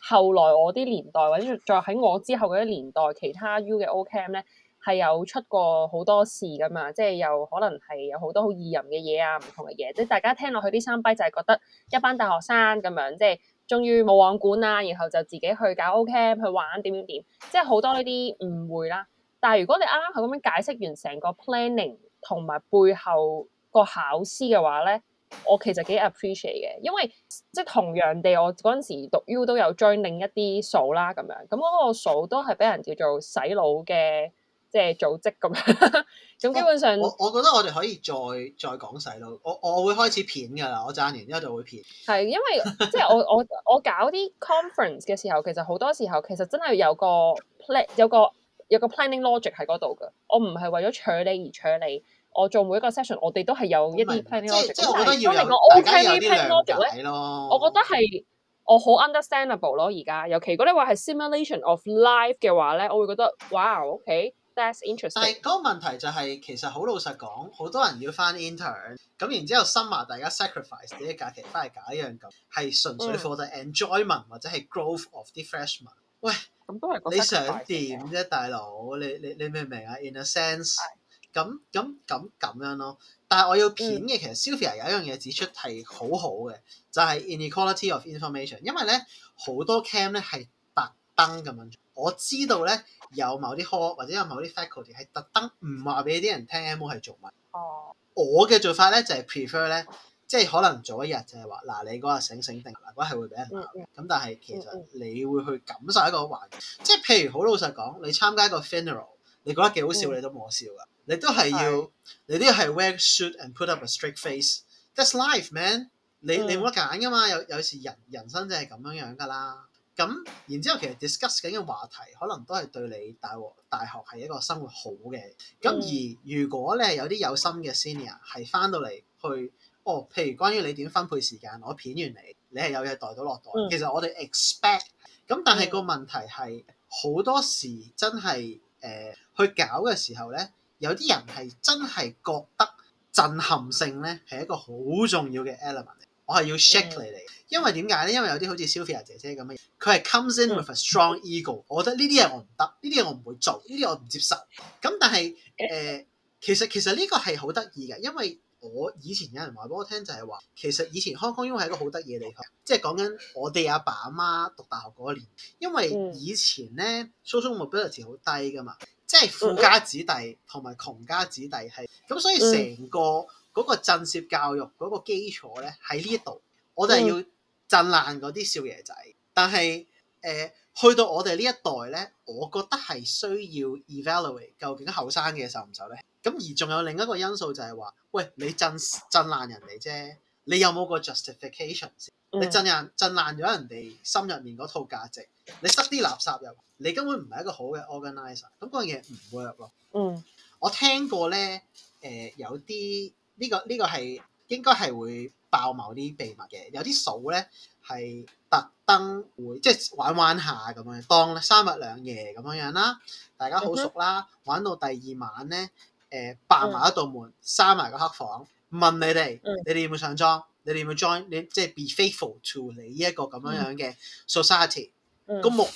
後來我啲年代或者再喺我之後嗰啲年代其他 U 嘅 O camp 咧，係有出過好多事噶嘛，即係又可能係有好多好易淫嘅嘢啊，唔同嘅嘢，即係大家聽落去啲三逼就係覺得一班大學生咁樣，即係終於冇王管啊，然後就自己去搞 o、O camp 去玩點點點，即係好多呢啲誤會啦。但係如果你啱啱係咁樣解釋完成個 planning 同埋背後個考試嘅話咧，我其實幾 appreciate 嘅，因為即係同樣地，我嗰陣時讀 U 都有 join 另一啲數啦，咁樣咁嗰、那個數都係俾人叫做洗腦嘅。即係組織咁樣，咁 基本上，我我覺得我哋可以再再講細到，我我會開始片噶啦，我贊完之後就會片。係 因為即係我我我搞啲 conference 嘅時候，其實好多時候其實真係有，有，有個 plan，有個有個 planning logic 喺嗰度噶。我唔係為咗處理而處理，我做每一個 session，我哋都係有一啲 planning logic、嗯。是即係我覺得要。我 l、OK、得有啲兩解咯。Okay. 我覺得係我好 understandable 咯。而家尤其如果你話係 simulation of life 嘅話咧，我會覺得哇，OK。S 但係嗰個問題就係、是，其實好老實講，好多人要翻 intern，咁然之後深話大家 sacrifice 啲假期翻嚟搞一樣咁，係純粹 for the enjoyment 或者係 growth of 啲 freshman。喂，咁都係你想點啫？嗯、大佬？你你你明唔明啊？In a sense，咁咁咁咁樣咯。但係我要片嘅。其實 Sylvia 有一樣嘢指出係好好嘅，就係、是、inequality of information，因為咧好多 camp 咧係特登咁樣。我知道咧有某啲 hall 或者有某啲 faculty 係特登唔話俾啲人聽 MO 係做乜。哦。Oh. 我嘅做法咧就係、是、prefer 咧，即係可能早一日就係話嗱，你嗰日醒醒定，嗱嗰日係會俾人鬧嘅。咁、oh. 但係其實你會去感受一個環境。即係譬如好老實講，你參加一個 funeral，你覺得幾好笑，mm. 你都冇笑㗎。你都係要，mm. 你都要係 wear suit and put up a straight face。That's life, man、mm. 你。你你冇得揀㗎嘛。有有時人人生就係咁樣樣㗎啦。咁然之後其實 discuss 緊嘅話題可能都係對你大學大學係一個生活好嘅。咁、mm. 而如果你係有啲有心嘅 senior 係翻到嚟去，哦，譬如關於你點分配時間我片完你，你係有嘢袋到落袋。Mm. 其實我哋 expect。咁但係個問題係好多時真係誒、呃、去搞嘅時候咧，有啲人係真係覺得震撼性咧係一個好重要嘅 element。我係要 shake 你哋，因為點解咧？因為有啲好似 Sylvia 姐姐咁嘅，佢係 comes in with a strong ego、嗯。我覺得呢啲嘢我唔得，呢啲嘢我唔會做，呢啲我唔接受。咁但係誒、呃，其實其實呢個係好得意嘅，因為我以前有人話俾我聽就係話，其實以前 Hong Kong 係一個好得意嘅地方，即係講緊我哋阿爸阿媽讀大學嗰年，因為以前咧，social mobility 好低噶嘛，即、就、係、是、富家子弟同埋窮家子弟係，咁所以成個。嗯嗯。嗰個震懾教育嗰個基礎咧喺呢一度，我哋係要震爛嗰啲少爺仔。但係誒、呃，去到我哋呢一代咧，我覺得係需要 evaluate 究竟後生嘅受唔受咧。咁而仲有另一個因素就係話，喂，你震震爛人哋啫，你有冇個 justification 先？你震，震人震爛咗人哋心入面嗰套價值，你塞啲垃圾入，你根本唔係一個好嘅 organizer。咁嗰樣嘢唔 work 咯。嗯，我聽過咧，誒、呃、有啲。呢、這個呢、這個係應該係會爆某啲秘密嘅，有啲數咧係特登會即係玩玩下咁樣，當三日兩夜咁樣樣啦，大家好熟啦，玩到第二晚咧，誒、呃，扮埋一道門，閂埋、mm hmm. 個黑房，問你哋、mm hmm.，你哋有冇上莊？你哋有冇要 join？你即係 be faithful to 你呢一個咁樣樣嘅 society、mm。Hmm. 個目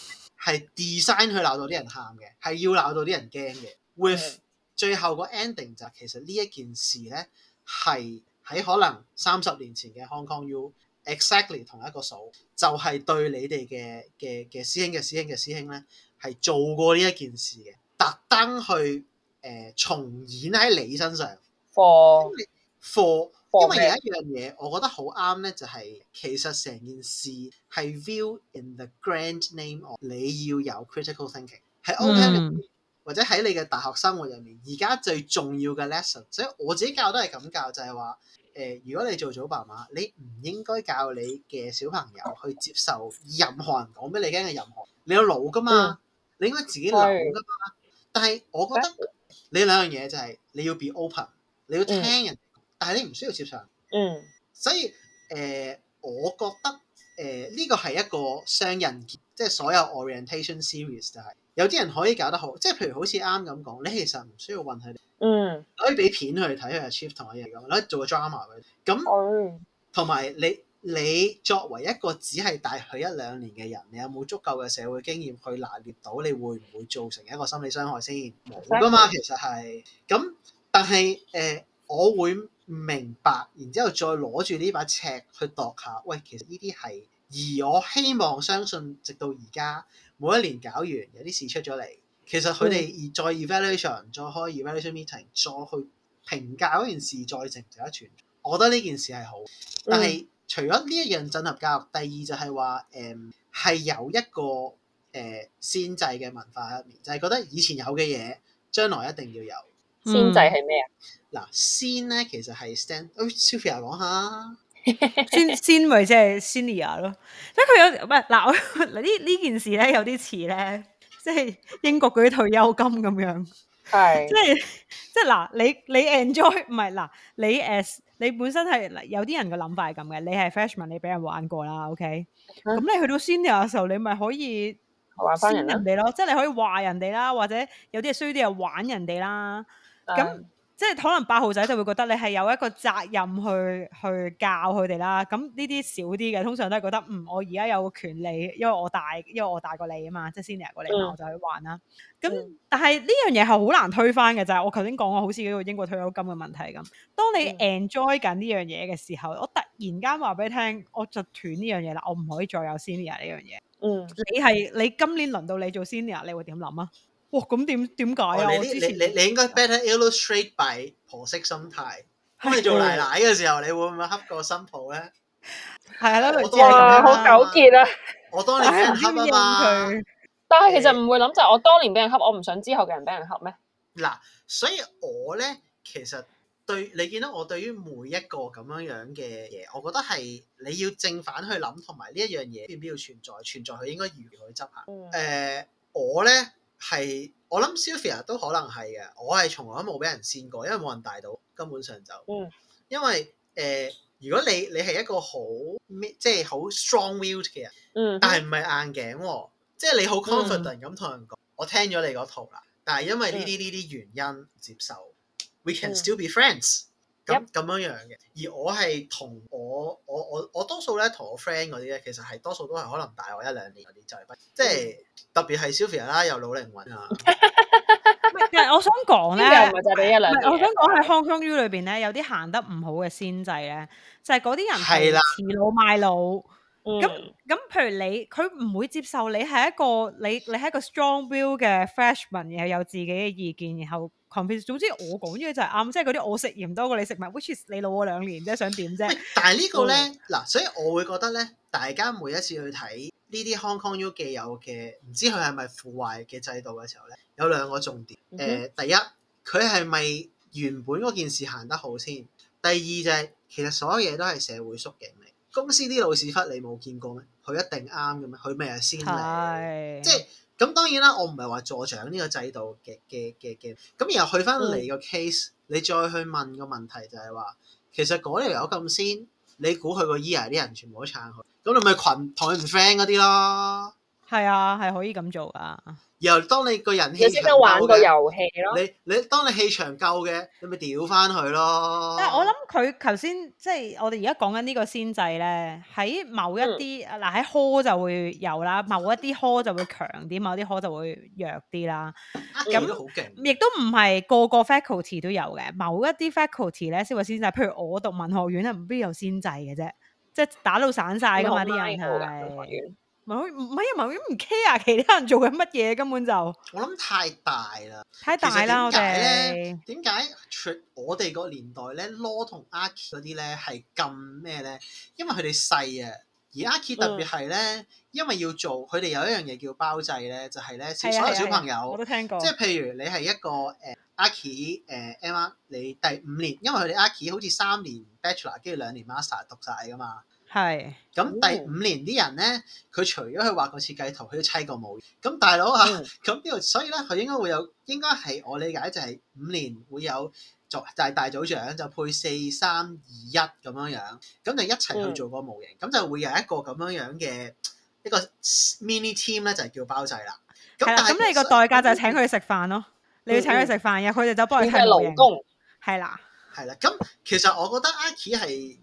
係 design 去鬧到啲人喊嘅，係要鬧到啲人驚嘅。With 最後個 ending 就其實呢一件事咧。Mm mm 係喺可能三十年前嘅 Hong Kong U exactly 同一個數，就係、是、對你哋嘅嘅嘅師兄嘅師兄嘅師兄咧，係做過呢一件事嘅，特登去誒、呃、重演喺你身上。for for 因為有一樣嘢，我覺得好啱咧，就係其實成件事係 view in the grand name of 你要有 critical thinking 係 OK 或者喺你嘅大學生活入面，而家最重要嘅 lesson，所以我自己教都係咁教，就係、是、話，誒、呃、如果你做咗爸媽，你唔應該教你嘅小朋友去接受任何人講俾你聽嘅任何，你有腦噶嘛，你應該自己諗噶嘛。是但係我覺得你兩樣嘢就係、是，你要 be open，你要聽人講，嗯、但係你唔需要接受。嗯。所以誒、呃、我覺得誒呢、呃這個係一個雙人，即、就、係、是、所有 orientation series 就係、是。有啲人可以搞得好，即係譬如好似啱啱咁講，你其實唔需要運佢、嗯，可以俾片佢睇佢 achieve 同啲嘢咁，可以做個 drama 佢。咁、嗯，同埋你你作為一個只係帶佢一兩年嘅人，你有冇足夠嘅社會經驗去拿捏到，你會唔會造成一個心理傷害先？冇㗎嘛，其實係。咁，但係誒、呃，我會明白，然之後再攞住呢把尺去度下，喂，其實呢啲係。而我希望相信，直到而家。每一年搞完，有啲事出咗嚟，其實佢哋而再 evaluation，再、嗯、開 evaluation meeting，再去評價嗰件事再值唔值得存在。我覺得呢件事係好，但係、嗯、除咗呢一樣整合教育，第二就係話誒係有一個誒、嗯、仙制嘅文化入面，就係、是、覺得以前有嘅嘢，將來一定要有仙制係咩啊？嗱，仙咧其實係 stand，阿、哎、Sylvia 講下。 先先咪即係 senior 咯，即係佢有時唔係嗱，我呢呢件事咧有啲似咧，即係英國嗰啲退休金咁樣，係 即係即係嗱，你你 enjoy 唔係嗱，你 a 你、啊、你本身係有啲人嘅諗法係咁嘅，你係 freshman 你俾人玩過啦，ok，咁、嗯、你去到 senior 嘅時候，你咪可以玩翻人哋咯，即係你可以話人哋啦，或者有啲嘢衰啲嘅玩人哋啦，咁、嗯。即係可能八號仔就會覺得你係有一個責任去去教佢哋啦。咁呢啲少啲嘅，通常都係覺得嗯，我而家有個權利，因為我大，因為我大過你啊嘛，即係 senior 過你，嗯、我就去玩啦。咁、嗯嗯、但係呢樣嘢係好難推翻嘅就係、是、我頭先講過好似嗰個英國退休金嘅問題咁。當你 enjoy 緊呢樣嘢嘅時候，嗯、我突然間話俾你聽，我就斷呢樣嘢啦，我唔可以再有 senior 呢樣嘢。嗯，你係你今年輪到你做 senior，你會點諗啊？哇，咁點點解啊？你你你你應該 better illustrate by 婆媳心態。當你做奶奶嘅時候，你會唔會恰個新抱咧？係啦，女仔啊，好糾結啊！我當年俾人恰呀嘛佢，但係其實唔會諗，就係我當年俾人恰，我唔想之後嘅人俾人恰咩？嗱，所以我咧，其實對你見到我對於每一個咁樣樣嘅嘢，我覺得係你要正反去諗，同埋呢一樣嘢邊邊要存在，存在佢應該如何去執行？誒，我咧。係，我諗 Sylvia 都可能係嘅。我係從來都冇俾人跣過，因為冇人帶到，根本上就，因為誒、呃，如果你你係一個好即係好 strong-willed 嘅人，但係唔係硬頸、哦，即係你好 confident 咁同人講，嗯、我聽咗你嗰套啦，但係因為呢啲呢啲原因唔接受，we can still be friends。咁咁樣樣嘅，而我係同我我我我多數咧同我 friend 嗰啲咧，其實係多數都係可能大我一兩年嗰啲就係，即係特別係 Sylvia 啦，又老靈魂啊。唔係，我想講咧，又唔係就係俾一兩。我想講喺 Hong Kong U 裏邊咧，有啲行得唔好嘅仙制咧，就係嗰啲人係恃老賣老，咁咁，譬如你佢唔會接受你係一個你你係一個 strong view 嘅 freshman，又有自己嘅意見，然後。總之我講嘢就係啱，即係嗰啲我食鹽多過你食米，which is 你老我兩年，即係想點啫？但係呢個咧，嗱、嗯，所以我會覺得咧，大家每一次去睇呢啲 Hong Kong U 既有嘅，唔知佢係咪腐壞嘅制度嘅時候咧，有兩個重點。誒、呃，第一佢係咪原本嗰件事行得好先？第二就係、是、其實所有嘢都係社會縮影嚟，公司啲老屎忽你冇見過咩？佢一定啱嘅咩？佢咩係先嚟？是即係。咁當然啦，我唔係話助長呢個制度嘅嘅嘅嘅。咁然後去翻嚟個 case，嗯、你再去問個問題就係話，其實嗰條友咁先，你估佢個 year 啲人全部都撐佢，咁你咪群同佢唔 friend 嗰啲咯。係啊，係可以咁做噶。然後當你個人氣場夠嘅，你你當你氣場夠嘅，你咪調翻佢咯。但我諗佢頭先即係我哋而家講緊呢個先制咧，喺某一啲嗱喺科就會有啦，某一啲科就會強啲，某啲科就，就會弱啲啦。咁亦、嗯、那都唔係個個 faculty 都有嘅，某一啲 faculty 咧先會先制。譬如我讀文學院啊，唔必有先制嘅啫，即係打到散晒噶嘛啲人係。唔好唔係啊！唔 care 其他人做緊乜嘢，根本就我諗太大啦，太大啦！但係點解？點解？全我哋嗰年代咧，law 同 arch 嗰啲咧係咁咩咧？因為佢哋細啊，而 arch 特別係咧，因為要做佢哋、嗯、有一樣嘢叫包制咧，就係咧，所有小朋友、啊啊啊、我都聽過。即係譬如你係一個誒、啊、arch、啊、M R，你第五年，因為佢哋 arch 好似三年 bachelor 跟住兩年 master 讀晒噶嘛。係，咁是、嗯、第五年啲人咧，佢除咗去畫個設計圖，佢都砌個模型。咁大佬、嗯、啊，咁呢度所以咧，佢應該會有，應該係我理解就係五年會有做就係大組長就配四三二一咁樣樣，咁就一齊去做個模型，咁、嗯、就會有一個咁樣樣嘅一個 mini team 咧，就係叫包仔啦。咁咁、啊、你個代價就請佢食飯咯，嗯、你要請佢食飯，嘅，佢哋就幫你砌模型，係啦。係啦，咁其實我覺得 HKU 係誒、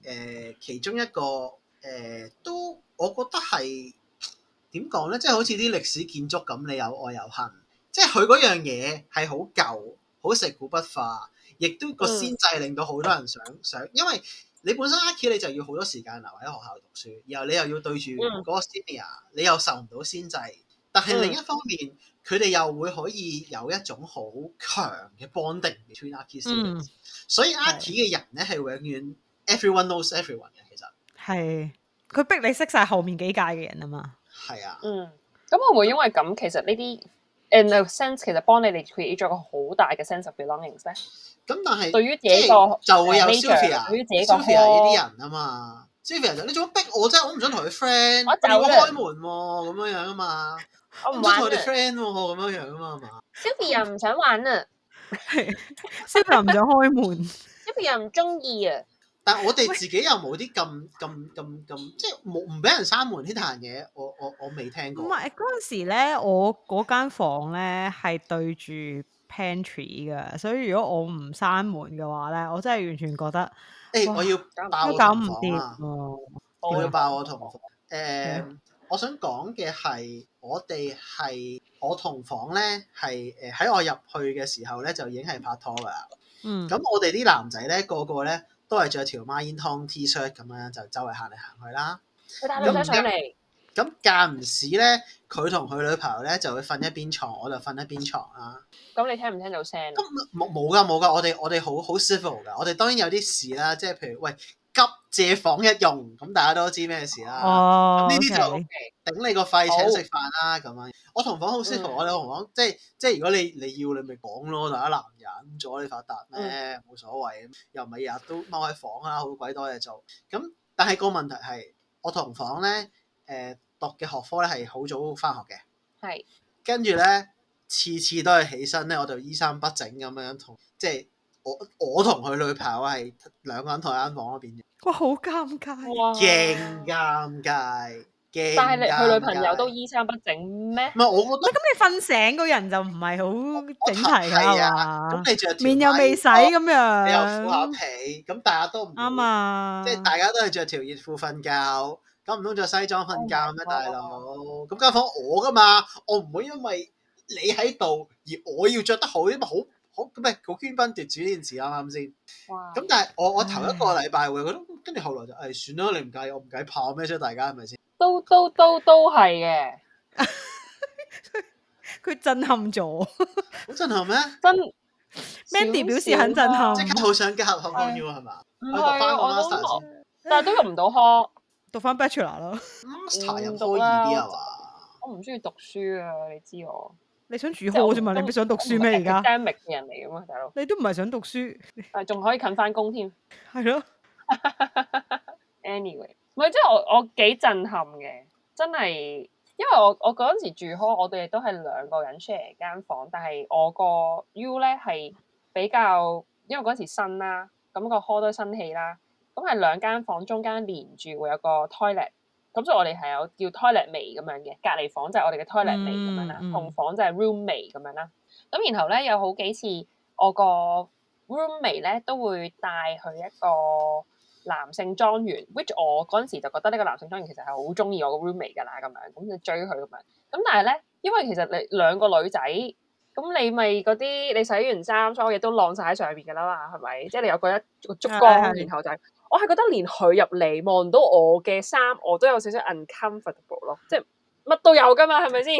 呃、其中一個誒、呃，都我覺得係點講咧，即係好似啲歷史建築咁，你有愛有恨，即係佢嗰樣嘢係好舊，好食古不化，亦都個仙制令到好多人想想，因為你本身 HKU 你就要好多時間留喺學校讀書，然後你又要對住嗰個 senior，你又受唔到仙制。但係另一方面，佢哋又會可以有一種好強嘅 bonding Between Archie s 所以 Archie 嘅人咧係永遠 everyone knows everyone 嘅。其實係佢逼你識晒後面幾屆嘅人啊嘛。係啊。嗯。咁會唔會因為咁，其實呢啲 in a sense 其實幫你哋 create 咗個好大嘅 sense of belonging 咧？咁但係對於自己個就會有 Sylvia，對於自己個科啲人啊嘛。Sylvia 就你做乜逼我真啫？我唔想同佢 friend，我唔好開門咁樣樣啊嘛。我唔知我哋 friend 喎，咁樣樣啊嘛。Sophie 又唔想玩啊，係。Sophie 又唔想開門，Sophie 又唔中意啊。但係我哋自己又冇啲咁咁咁咁，即係冇唔俾人閂門呢壇嘢，我我我未聽過。唔係嗰陣時咧，我嗰間房咧係對住 pantry 噶，所以如果我唔閂門嘅話咧，我真係完全覺得，誒，我要都搞唔掂，我要爆我同房，誒。我想講嘅係，我哋係我同房咧，係誒喺我入去嘅時候咧，就已經係拍拖㗎。嗯。咁我哋啲男仔咧，個個咧都係着條孖煙通 T-shirt 咁樣，就周圍行嚟行去啦。佢帶女仔上嚟。咁間唔時咧，佢同佢女朋友咧就會瞓一邊床，我就瞓一邊床啦。咁你聽唔聽到聲？咁冇冇㗎冇㗎，我哋我哋好好 civil 㗎。我哋當然有啲事啦，即係譬如喂。借房一用，咁大家都知咩事啦。咁呢啲就 OK, 頂你個肺，請食飯啦。咁、oh. 樣我同房好舒服，同 Okay. 我哋同房即係即係。如果你你要，你咪講咯。大家男人唔阻你發達咩？冇、mm. 所謂，又唔係日都踎喺房啦，好鬼多嘢做。咁但係個問題係，我同房咧，誒讀嘅學科咧係好早返學嘅，係跟住咧次次都係起身咧，我就衣衫不整咁樣同即係我我同佢女朋友係兩個人喺間房嗰邊。哇，好尷尬，正尷尬，但係你佢女朋友都衣衫不整咩？唔係，我覺得咁你瞓醒嗰人就唔係好整齊噶嘛？咁你著條，面又未洗咁樣，你又腐下皮，咁大家都唔啱啊！即係大家都係著條熱褲瞓覺，咁唔通著西裝瞓覺咩？大佬，咁間房我噶嘛，我唔會因為你喺度而我要著得好啲嘛好。我唔係好喧賓奪主呢件事啱啱先？咁但係我我頭一個禮拜會，嗯、覺得跟住後來就誒、哎、算啦，你唔介意我唔計怕咩啫，大家係咪先？都都都都係嘅。佢震撼咗，好震撼咩？真。Mandy、啊、表示很震撼，即刻套上 graduate on you 係嘛？但係都入唔到科，讀翻 Bachelor 咯。嗯、Master 入科易啲係嘛？我唔中意讀書啊，你知我。你想住 hall 啫嘛？是你唔都想讀書咩而家？人嚟㗎嘛，大佬，你都唔係想讀書，係仲可以近翻工添。係咯了。 anyway，唔係即係我我幾震撼嘅，真係因為我我嗰陣時住 hall，我哋都係兩個人 share a 間房，但係我個 U 咧係比較，因為嗰陣時新啦、啊，咁、個 hall 都新氣啦、啊，咁係兩間房中間連住會有個 toilet。咁、嗯嗯、所以我哋係有叫 toilet 眉咁樣嘅，隔離房就係我哋嘅 toilet 眉咁樣啦，嗯嗯、同房就係 room 眉咁樣啦。咁然後咧有好幾次，我個 room 眉咧都會帶佢一個男性莊園，which 我嗰陣時就覺得呢個男性莊園其實係好中意我個 room 眉噶啦，咁樣咁就追佢咁樣。咁但係咧，因為其實你兩個女仔，咁你咪嗰啲你洗完衫所有嘢都晾晒喺上面噶啦，嘛，係咪？即係你有一個一,一個竹竿，然後就係。嗯嗯嗯我係覺得連佢入嚟望到我嘅衫，我都有少少 uncomfortable 咯，即係乜都有㗎嘛，係咪先？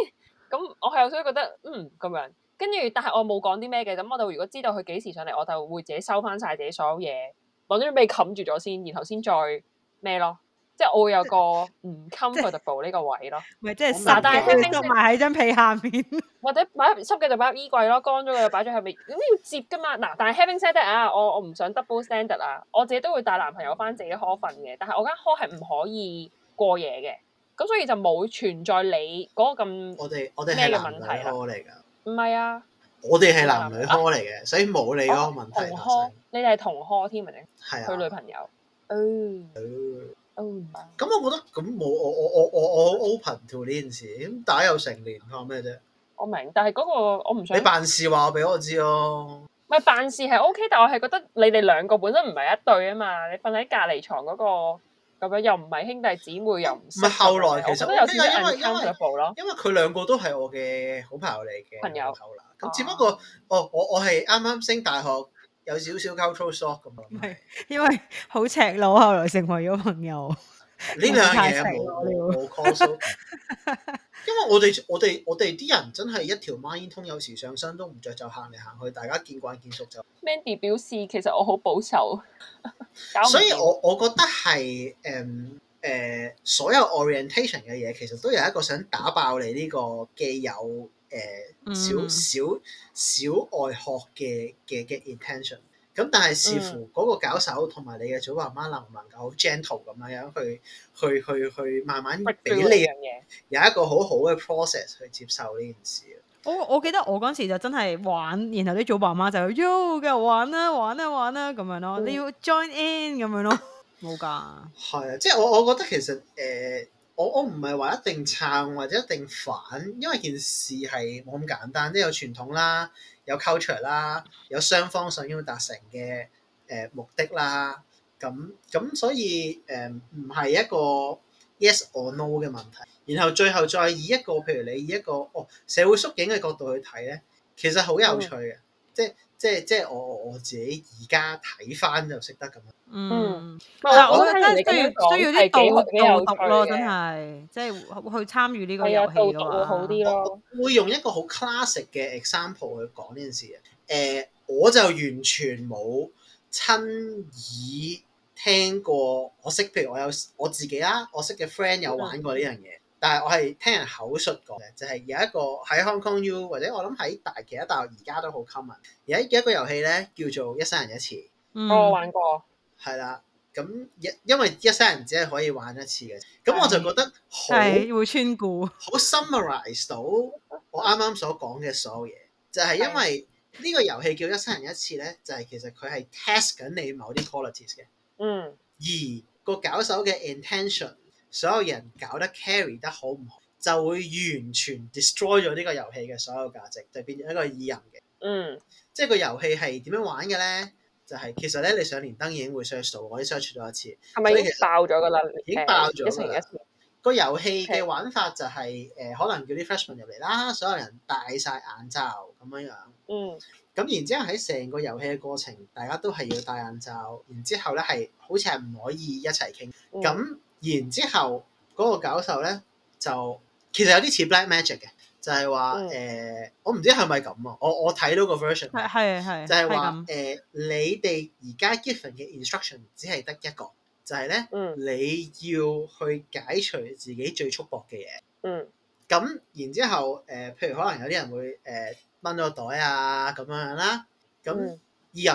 咁我係有少少覺得嗯咁樣，跟住但係我冇講啲咩嘅，咁我就如果知道佢幾時上嚟，我就會自己收返晒自己所有嘢，我攞啲被冚住咗先，然後先再咩咯。即係我會有個唔 comfortable 呢個位咯，咪即係但係 keep 埋喺張被下面，或者擺入濕嘅就擺入衣櫃咯，乾咗佢就擺咗喺邊。咁要接㗎嘛？嗱，但係 having said that 啊，我我唔想 double standard 啊，我自己都會帶男朋友翻自己 hall 瞓嘅，但係我間 hall 係唔可以過夜嘅，咁所以就冇存在你嗰個咁咩嘅問題啦。唔係啊，我哋係男女 hall 嚟嘅，所以冇你嗰個問題。同 hall，你哋係同 hall 添啊定係佢女朋友？咁我覺得咁冇我我我我我 opento 呢件事，咁大家又成年怕咩啫？我明，但係嗰個我唔想你辦事話我俾我知咯。咪辦事係 OK，但係我係覺得你哋兩個本身唔係一對啊嘛，你瞓喺隔離牀嗰個咁樣又唔係兄弟姊妹又唔係後來其實因為因為因為佢兩個都係我嘅好朋友嚟嘅朋友啦，咁只不過哦我我係啱啱升大學。有少少 cultural shock 咁啊！唔係，因為好赤裸，後來成為咗朋友。呢樣嘢冇冇 consult，因為我哋我哋我哋啲人真係一條孖煙通，有時上身都唔着就行嚟行去，大家見慣見熟就。Mandy 表示其實我好保守，所以我我覺得係誒誒所有 orientation 嘅嘢其實都有一個想打爆你呢個既有。誒、嗯、少少少外學嘅嘅嘅 intention，咁但係視乎嗰個搞手同埋你嘅祖爸媽能唔能夠好 gentle 咁樣樣去去去去慢慢俾你樣嘢，有一個好好嘅 process 去接受呢件事。我我記得我嗰陣時就真係玩，然後啲祖爸媽就喐嘅玩啦、啊，玩啦、啊，玩啦、啊、咁樣咯、嗯。你要 join in 咁樣咯，冇㗎。係啊 即係我我覺得其實誒。呃我我唔係話一定撐或者一定反，因為件事係冇咁簡單，即有傳統啦，有 culture 啦，有雙方想要達成嘅誒目的啦。咁咁所以誒唔係一個 yes or no 嘅問題。然後最後再以一個譬如你以一個哦社會縮影嘅角度去睇咧，其實好有趣嘅，嗯、即係。即係即係我我自己而家睇翻就識得咁樣，嗯，嗱，但我覺得需要需要啲度度讀咯，真係，嗯、即係去參與呢個遊戲咯，道道會好啲咯、哦。會用一個好 classic 嘅 example 去講呢件事嘅。誒、呃、我就完全冇親耳聽過，我識譬如我有我自己啦，我識嘅 friend 有玩過呢樣嘢。嗯但係我係聽人口述講嘅，就係有一個喺 Hong Kong U 或者我諗喺大其他大學而家都好 common，而家有一個遊戲咧叫做一生人一次。嗯，我玩過。係啦，咁因因為一生人只係可以玩一次嘅，咁我就覺得好會穿估，好 summarise 到我啱啱所講嘅所有嘢，就係因為呢個遊戲叫一生人一次咧，就係其實佢係 test 緊你某啲 qualities 嘅。嗯，而個搞手嘅 intention。所有人搞得 carry 得好唔好，就會完全 destroy 咗呢個遊戲嘅所有價值，就變咗一個二人嘅。嗯，即係個遊戲係點樣玩嘅咧？就係、是、其實咧，你上連登已經會 search 到，我已經 search 咗一次，係咪？你爆咗噶啦，已經爆咗啦。個遊戲嘅玩法就係、是、誒、呃，可能叫啲 freshman 入嚟啦，所有人戴晒眼罩咁樣樣。嗯，咁然之後喺成個遊戲嘅過程，大家都係要戴眼罩，然之後咧係好似係唔可以一齊傾咁。嗯然之後嗰個教授咧就其實有啲似 black magic 嘅，就係話誒我唔知係咪咁啊，我我睇到個 version 係係係，就係話誒你哋而家 given 嘅 instruction 只係得一個，就係咧你要去解除自己最束縛嘅嘢。嗯，咁然之後誒，譬如可能有啲人會誒掹咗袋啊咁樣樣啦，咁二人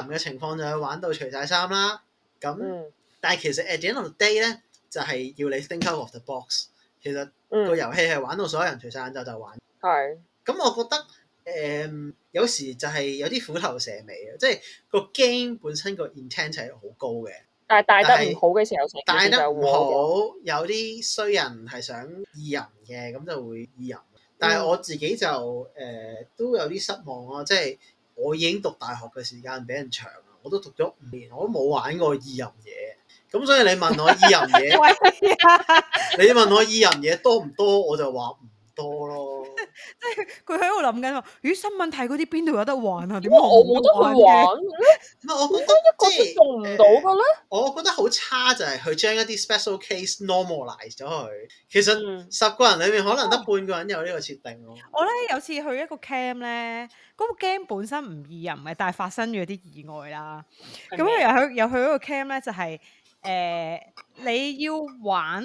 嘅情況就去玩到除晒衫啦。咁但係其實 adrenaline 咧。就係要你 think out of the box。其實個遊戲係玩到所有人除晒眼罩就玩。係是。咁、嗯、我覺得誒、嗯，有時就係有啲虎頭蛇尾嘅，即、就、係、是、個 game 本身個 intent 係好高嘅。但係帶得唔好嘅時候，是帶得唔好，有啲衰人係想意淫嘅，咁就會意淫。嗯、但係我自己就誒、呃、都有啲失望咯，即、就、係、是、我已經讀大學嘅時間比人長，我都讀咗五年，我都冇玩過意淫嘢。咁、嗯、所以你問我二樣嘢，人 你問我二樣嘢多唔多？我就話唔多咯。即係佢喺度諗緊，迎新問題嗰啲邊度有得玩啊？點解、哦、我冇得去玩咧？唔係 我覺得一個都做唔到嘅啦、呃。我覺得好差就係佢將一啲 special case normalize 咗佢。其實十個人裏面可能得半個人有呢個設定咯、嗯。我咧有次去一個 cam 咧，嗰、那個 game 本身唔意外唔係，但係發生咗啲意外啦。咁又去又去嗰個 cam 咧，就係、是。誒、呃，你要玩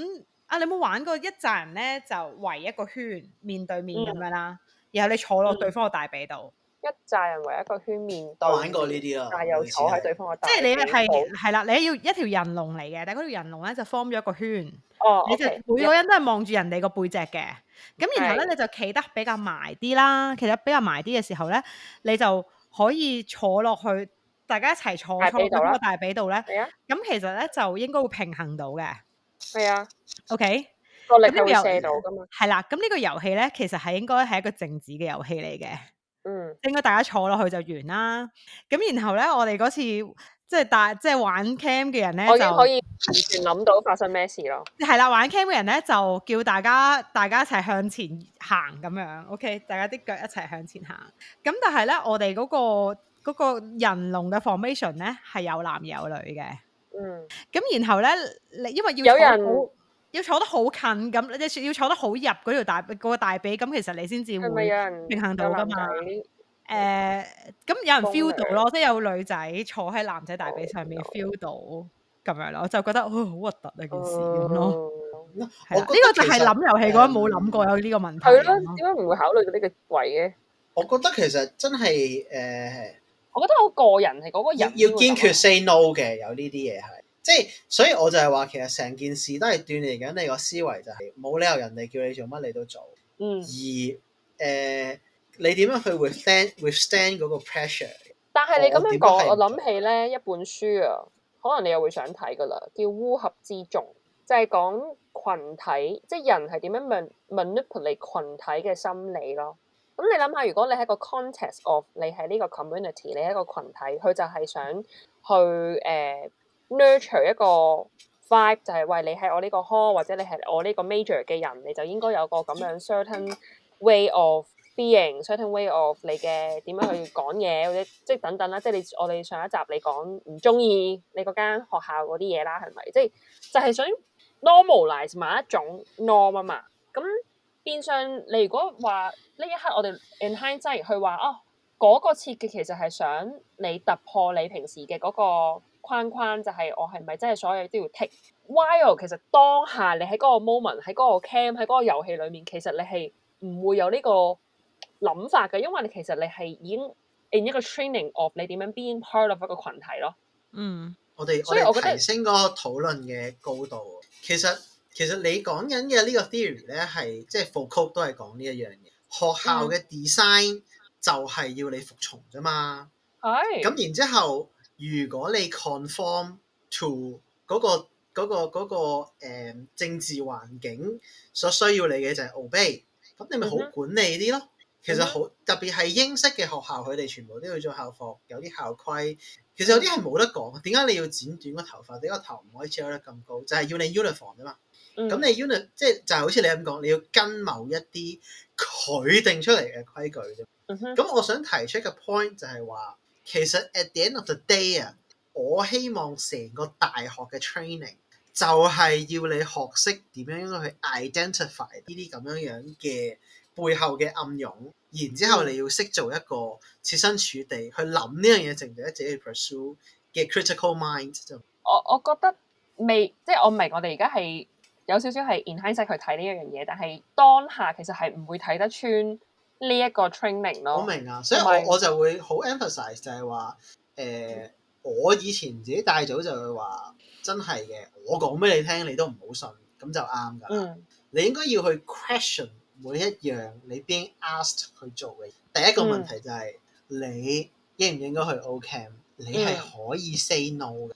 啊？你有冇玩過一紮人咧？就圍一個圈，面對面咁樣啦。嗯、然後你坐落對方嘅大髀度。一紮人圍一個圈，面對。玩過呢啲啊。但有坐喺對方嘅。即係你係係啦，你要一條人龍嚟嘅，但係嗰條人龍咧就 form 咗一個圈。哦。Okay, 你就每個人都係望住人哋個背脊嘅。咁然後咧，然後你就企得比較埋啲啦。其實比較埋啲嘅時候咧，你就可以坐落去。大家一齊坐坐咁個大髀度咧，咁、啊、其實咧就應該會平衡到嘅。係啊，OK。個力夠射到㗎嘛。係、嗯、啦，咁呢個遊戲咧，其實係應該係一個靜止嘅遊戲嚟嘅。嗯，應該大家坐落去就完啦。咁然後咧，我哋嗰次即係大即係玩 cam 嘅人咧，就，是就是，呢就可以完全諗到發生咩事咯。係啦，玩 cam 嘅人咧就叫大家大家一齊向前行咁樣。OK，大家啲腳一齊向前行。咁但係咧，我哋嗰、那個。嗰個人龍嘅 formation 咧係有男有女嘅，嗯，咁然後咧，你因為要有人要坐得好近，咁你要坐得好入嗰條大嗰個大髀，咁其實你先至會平衡到噶嘛。誒，咁有人 feel 到咯，即係有女仔坐喺男仔大髀上面 feel 到咁、哦嗯、樣啦，我就覺得、哎、好核突呢件事咁咯。係啦，呢個就係諗遊戲嗰陣冇諗過有呢個問題。係咯，點解唔會考慮到呢個位嘅？我覺得其實真係誒。我覺得好個人係嗰個人要堅決 say no 嘅，有呢啲嘢係，即係所以我就係話，其實成件事都係鍛鍊緊你個思維、就是，就係冇理由人哋叫你做乜你都做。嗯。而誒、呃，你點樣去 withstand, withstand withstand 嗰個 pressure？但係你咁樣講，我諗起咧一本書啊，可能你又會想睇噶啦，叫《烏合之眾》，就係、是、講群體，即、就、係、是、人係點樣 manipulate 羣體嘅心理咯。咁你諗下，如果你係一個 context of 你係呢個 community，你係一個群體，佢就係想去誒、呃、nurture 一個 vibe 就係、是、喂你係我呢個 hall 或者你係我呢個 major 嘅人，你就應該有個咁樣 certain way of being，certain way of 你嘅點樣去講嘢或者即係等等啦。即係你我哋上一集你講唔中意你嗰間學校嗰啲嘢啦，係咪？即係就係想 normalize 某一種 norm 啊嘛。咁、嗯變相你如果話呢一刻我哋 in hindsight 去話哦嗰個設計其實係想你突破你平時嘅嗰個框框，就係我係咪真係所有都要 take？While 其實當下你喺嗰個 moment 喺嗰個 camp 喺嗰個遊戲裡面，其實你係唔會有呢個諗法嘅，因為你其實你係已經 in 一個 training of 你點樣 being part of 一個群體咯。嗯，我哋所以我覺得提升嗰個討論嘅高度，其實。其實你講緊嘅呢個 theory 咧，係即係 Foucault 都係講呢一樣嘢。學校嘅 design 就係要你服從啫嘛。係咁、mm，hmm. 然之後如果你 conform to 嗰、嗰個嗰、嗰個、嗰個嗰個嗯、政治環境所需要你嘅就係 obey。咁你咪好管理啲咯。其實好特別係英式嘅學校，佢哋全部都要做校服，有啲校規。其實有啲係冇得講，點解你要剪短個頭髮，點解頭唔可以 chill 得咁高？就係、是、要你 uniform 啫嘛。咁你 uni 即係就係好似你咁講，你要跟某一啲佢定出嚟嘅規矩啫。咁、mm hmm. 我想提出嘅 point 就係話，其實 at the end of the day 啊，我希望成個大學嘅 training 就係要你學識點樣去 identify 呢啲咁樣樣嘅背後嘅暗湧，然之後你要識做一個設身處地、mm hmm. 去諗呢樣嘢值唔值得去 pursue 嘅 critical mind，我我覺得未即係我明我，我哋而家係。有少少係 in hindsight 去睇呢一樣嘢，但係當下其實係唔會睇得穿呢一個 training 咯。我明啊，所以我是是我就會好 emphasize 就係話，誒、呃嗯、我以前自己大早就會話，真係嘅，我講俾你聽，你都唔好信，咁就啱噶。嗯、你應該要去 question 每一樣，你被 asked 去做嘅。第一個問題就係、是嗯、你應唔應該去 Ocamp，你係可以 say no 嘅。嗯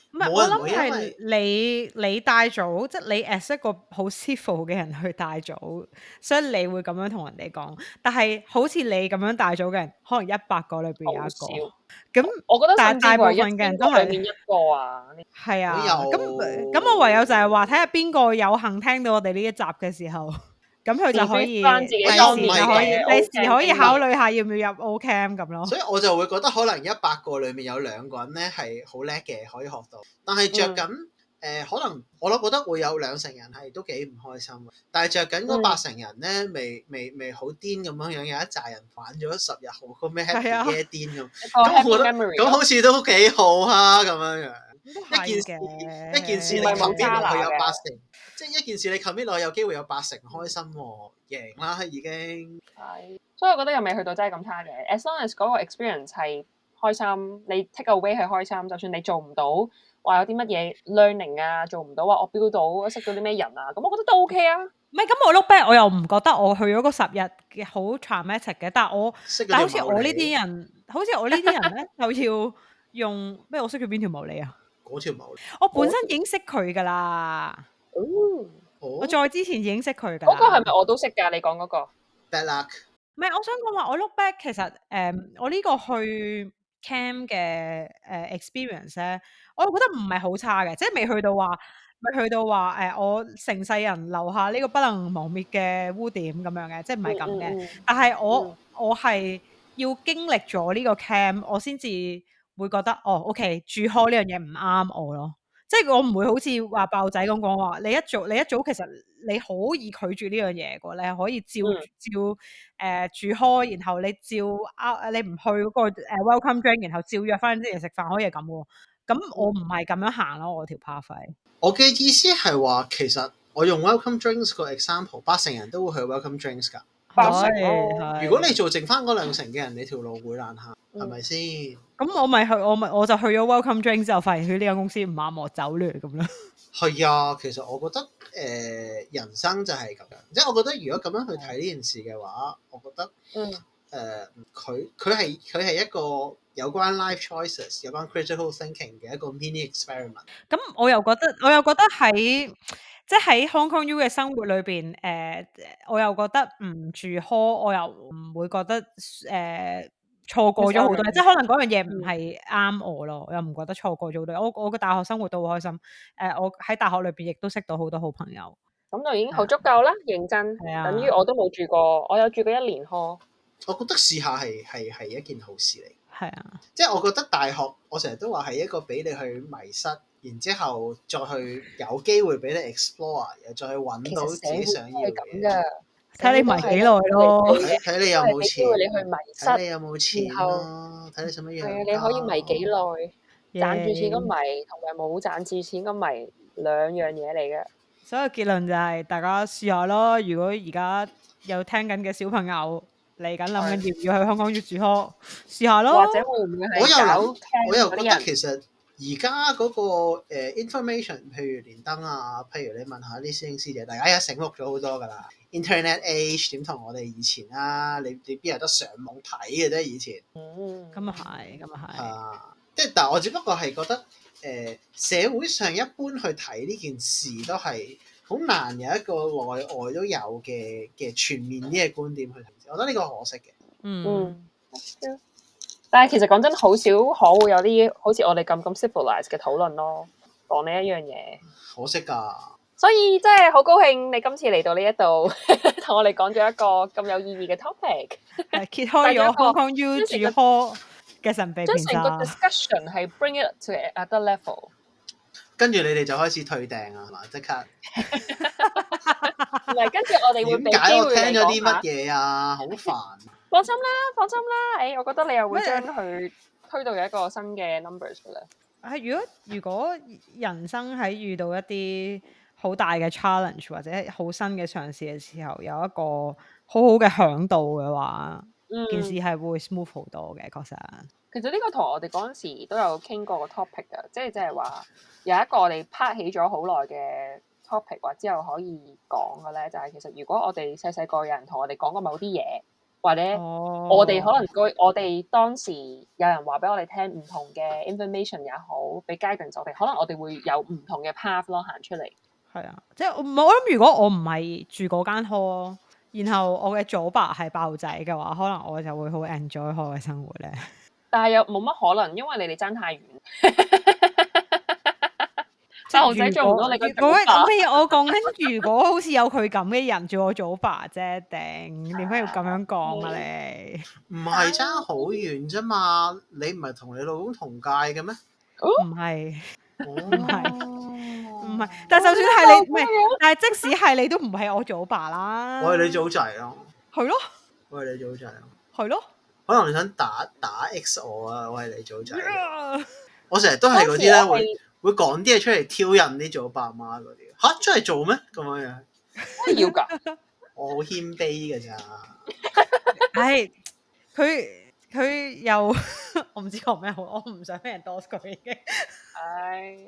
唔係，不我諗係你為你帶組，即、就、係、是、你 as 一個好舒服嘅人去帶組，所以你會咁樣同人哋講。但係好似你咁樣帶組嘅人，可能一百個裏邊有一個。咁 但我覺得，但大部分嘅人都係邊一個啊？係啊，咁咁有我唯有就係話睇下邊個有幸聽到我哋呢一集嘅時候。咁佢就可以，又可以。第時可以考慮下要唔要入 O-camp 咁咯。所以我就會覺得可能一百個裏面有兩個人咧係好叻嘅，可以學到。但係着緊誒，可能我都覺得會有兩成人係都幾唔開心。但係着緊嗰八成人咧，未未未好癲咁樣樣，有一扎人反咗十日好高咩 happy 癲咁。咁我覺得咁好似都幾好啊，咁樣樣。一件事，一件事你旁邊都有八成。即一件事，你求面內有機會有八成開心，哦，贏啦已經。係 所以我覺得又未去到真係咁差嘅。As long as 嗰個 experience 係開心，你 take away 係開心，就算你做唔到，話有啲乜嘢 learning 啊，做唔到啊，我 build 到識到啲咩人啊，咁我覺得都 OK 啊。唔係咁，我 look back，我又唔覺得我去咗嗰十日嘅好 traumatic 嘅。但係我，識但係好似我呢啲人，好似我呢啲人咧，又 要用咩？我識咗邊條毛嚟啊？嗰條毛嚟。我本身已經識佢㗎喇。哦，我再之前已經識佢噶，嗰個係咪我都識噶？你講嗰、那個？Bad luck，唔係我想講話，我 look back 其實誒、嗯，我呢個去 camp 嘅誒 experience 咧，我覺得唔係好差嘅，即係未去到話，未去到話誒、呃，我成世人留下呢個不能磨滅嘅污點咁樣嘅，即係唔係咁嘅。嗯嗯、但係我我係要經歷咗呢個 camp，我先至會覺得哦，OK，住開呢樣嘢唔啱我咯。即係我唔會好似話爆仔咁講話，你一早你一早其實你可以拒絕呢樣嘢嘅，你係可以照、嗯、照誒、呃、住開，然後你照啊你唔去嗰、嗰個、呃、welcome drink，然後照約返啲人食飯，可以係咁嘅。咁、嗯嗯、我唔係咁樣行咯，我條 p 費。我嘅意思係話，其實我用 welcome drinks 個 example，八成人都會去 welcome drinks 㗎。八成，如果你做剩翻嗰兩成嘅人，你條路會爛下，係咪先？咁我咪去，我咪我就去咗 Welcome Drink 之後，發現佢呢間公司唔啱我走略咁咯。係 啊，其實我覺得誒、呃，人生就係咁樣，即係我覺得如果咁樣去睇呢件事嘅話，我覺得，嗯，誒、呃，佢佢係佢係一個有關 life choices、有關 critical thinking 嘅一個 mini experiment。咁我又覺得，我又覺得喺。嗯嗯嗯即喺 Hong Kong U 嘅生活裏邊，誒、呃，我又覺得唔住 hall，我又唔會覺得誒錯、呃、過咗好多。即係可能嗰樣嘢唔係啱我咯、嗯，我又唔覺得錯過咗好多。我我嘅大學生活都好開心。誒、呃，我喺大學裏邊亦都識到好多好朋友。咁就已經好足夠啦。啊、認真，啊、等於我都冇住過，我有住過一年 hall。我覺得試下係係係一件好事嚟。係啊，即係我覺得大學，我成日都話係一個俾你去迷失。然之後再去有機會俾你 explore，又再去揾到自己想要嘅。其實咁㗎，睇你迷幾耐咯。睇 你有冇錢，你去迷睇你有冇錢咯。睇你做乜嘢。你可以迷幾耐，賺住錢咁迷，同埋冇賺住錢咁迷，兩樣嘢嚟嘅。所以結論就係、是、大家試下咯。如果而家有聽緊嘅小朋友嚟緊諗緊要唔要喺香港住住呵，試的下咯。或者會唔會係有人？我又覺得其實。而家嗰個 information，譬如連登啊，譬如你問下啲師兄師姐，大家而家醒覺咗好多㗎啦。Internet age 點同我哋以前啊？你你邊有得上網睇嘅啫？以前哦，咁、嗯嗯嗯、啊係，咁啊係，即係但係我只不過係覺得誒、呃、社會上一般去睇呢件事都係好難有一個內外,外都有嘅嘅全面啲嘅觀點去睇。我覺得呢個可惜嘅，嗯。嗯但係其實講真，好少可會有啲好似我哋咁咁 civilized 嘅討論咯，講呢一樣嘢。可惜噶。所以真係好高興你今次嚟到呢一度，同 我哋講咗一個咁有意義嘅 topic，係揭開咗 Hong Kong U 主科嘅神秘面紗，將成個 discussion 係 bring it to another level。跟住你哋就開始退訂啊，係嘛？即刻。唔係，跟住我哋會俾機會你講。點解我聽咗啲乜嘢啊？好煩。 放心啦，放心啦。誒，我覺得你又會將佢推到一個新嘅 numbers 嘅咧。係、啊、如果如果人生喺遇到一啲好大嘅 challenge 或者好新嘅嘗試嘅時候，有一個好好嘅嚮導嘅話，嗯、件事係會 smooth 好多嘅。確實，其實呢個同我哋嗰陣時都有傾過個 topic 嘅，即係即係話有一個我哋拍起咗好耐嘅 topic，或之後可以講嘅咧，就係、是、其實如果我哋細細個有人同我哋講過某啲嘢。或者、oh. 我哋可能個我哋當時有人話俾我哋聽唔同嘅 information 也好，俾 guidance，可能我哋會有唔同嘅 path 咯，行出嚟。係啊，即係我諗，我如果我唔係住嗰間 house 然後我嘅祖爸係爆仔嘅話，可能我就會好 enjoy 開嘅生活咧。但係又冇乜可能，因為你哋爭太遠。 細路仔做咯，你咁講。乜嘢我講？跟住如果好似有佢咁嘅人做我祖爸啫，定點解要咁樣講啊？你唔係差好遠啫嘛？你唔係同你老公同屆嘅咩？唔係，唔係，唔係。但係就算係你唔係，但係即使係你都唔係我祖爸啦。我係你祖仔咯。係咯。我係你祖仔咯。係咯。可能你想打打 X 我啊？我係你祖仔。我成日都係嗰啲咧會。會講啲嘢出嚟挑釁啲做爸媽嗰啲吓？出嚟做咩咁樣樣？ 要㗎，我好謙卑㗎咋？係佢佢又我唔知講咩好，我唔想俾人多嘴嘅。係，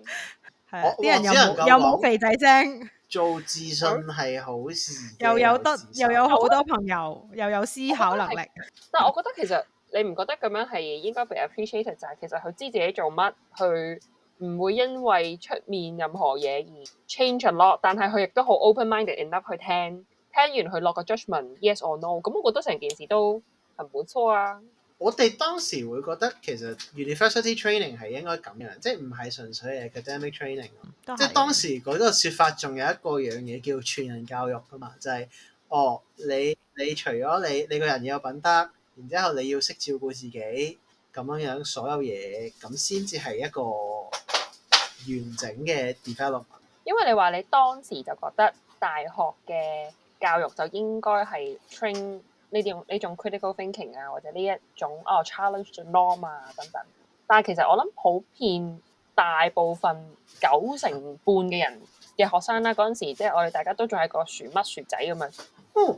係啊，啲人有冇？有冇肥仔精？做自信係好事。又有得， 又有好多朋友，又有思考能力。 但係我覺得其實你唔覺得咁樣係應該被 appreciated 就係其實佢知自己做乜去。唔會因為出面任何嘢而 change a lot，但係佢亦都好 open minded enough 去聽，聽完佢落個 judgment yes or no，咁我覺得成件事都係唔錯啊。我哋當時會覺得其實 university training 係應該咁樣，即係唔係純粹嘅 academic training，是即係當時嗰個說法，仲有一個樣嘢叫全人教育㗎嘛，就係、是、哦，你你除咗你你個人要有品德，然之後你要識照顧自己。咁樣樣所有嘢，咁先至係一個完整嘅 development。因為你話你當時就覺得大學嘅教育就應該係 train 呢啲呢種 critical thinking 啊，或者呢一種哦、oh, challenge norm 啊等等。但係其實我諗普遍大部分九成半嘅人嘅學生啦，嗰陣時即係我哋大家都仲係個薯乜薯仔㗎嘛。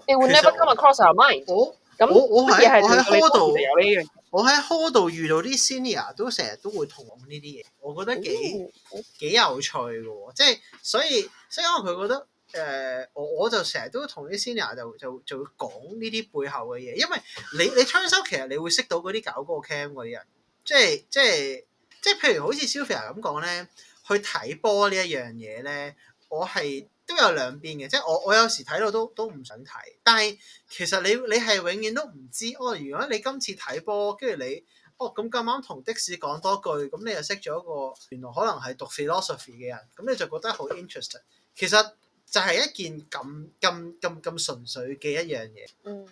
It would never come across our mind、哦。咁乜嘢係喺你嗰度就有呢樣？我喺 hall 度遇到啲 senior 都成日都會同我講呢啲嘢，我覺得幾、哦哦、幾有趣嘅喎，即係所以，所以可能佢覺得誒、呃，我我就成日都同啲 senior 就就就會講呢啲背後嘅嘢，因為你你槍手其實你會識到嗰啲搞嗰個 camp 嗰啲人，即係即係即係譬如好似 Sylvia 咁講咧，去睇波呢一樣嘢咧，我係。都有兩邊嘅，即係我我有時睇到都都唔想睇，但係其實你你係永遠都唔知哦。如果你今次睇波，哦、跟住你哦咁咁啱同的士講多句，咁你又識咗一個原來可能係讀 philosophy 嘅人，咁你就覺得好 interesting。其實就係一件咁咁咁咁純粹嘅一樣嘢。嗯，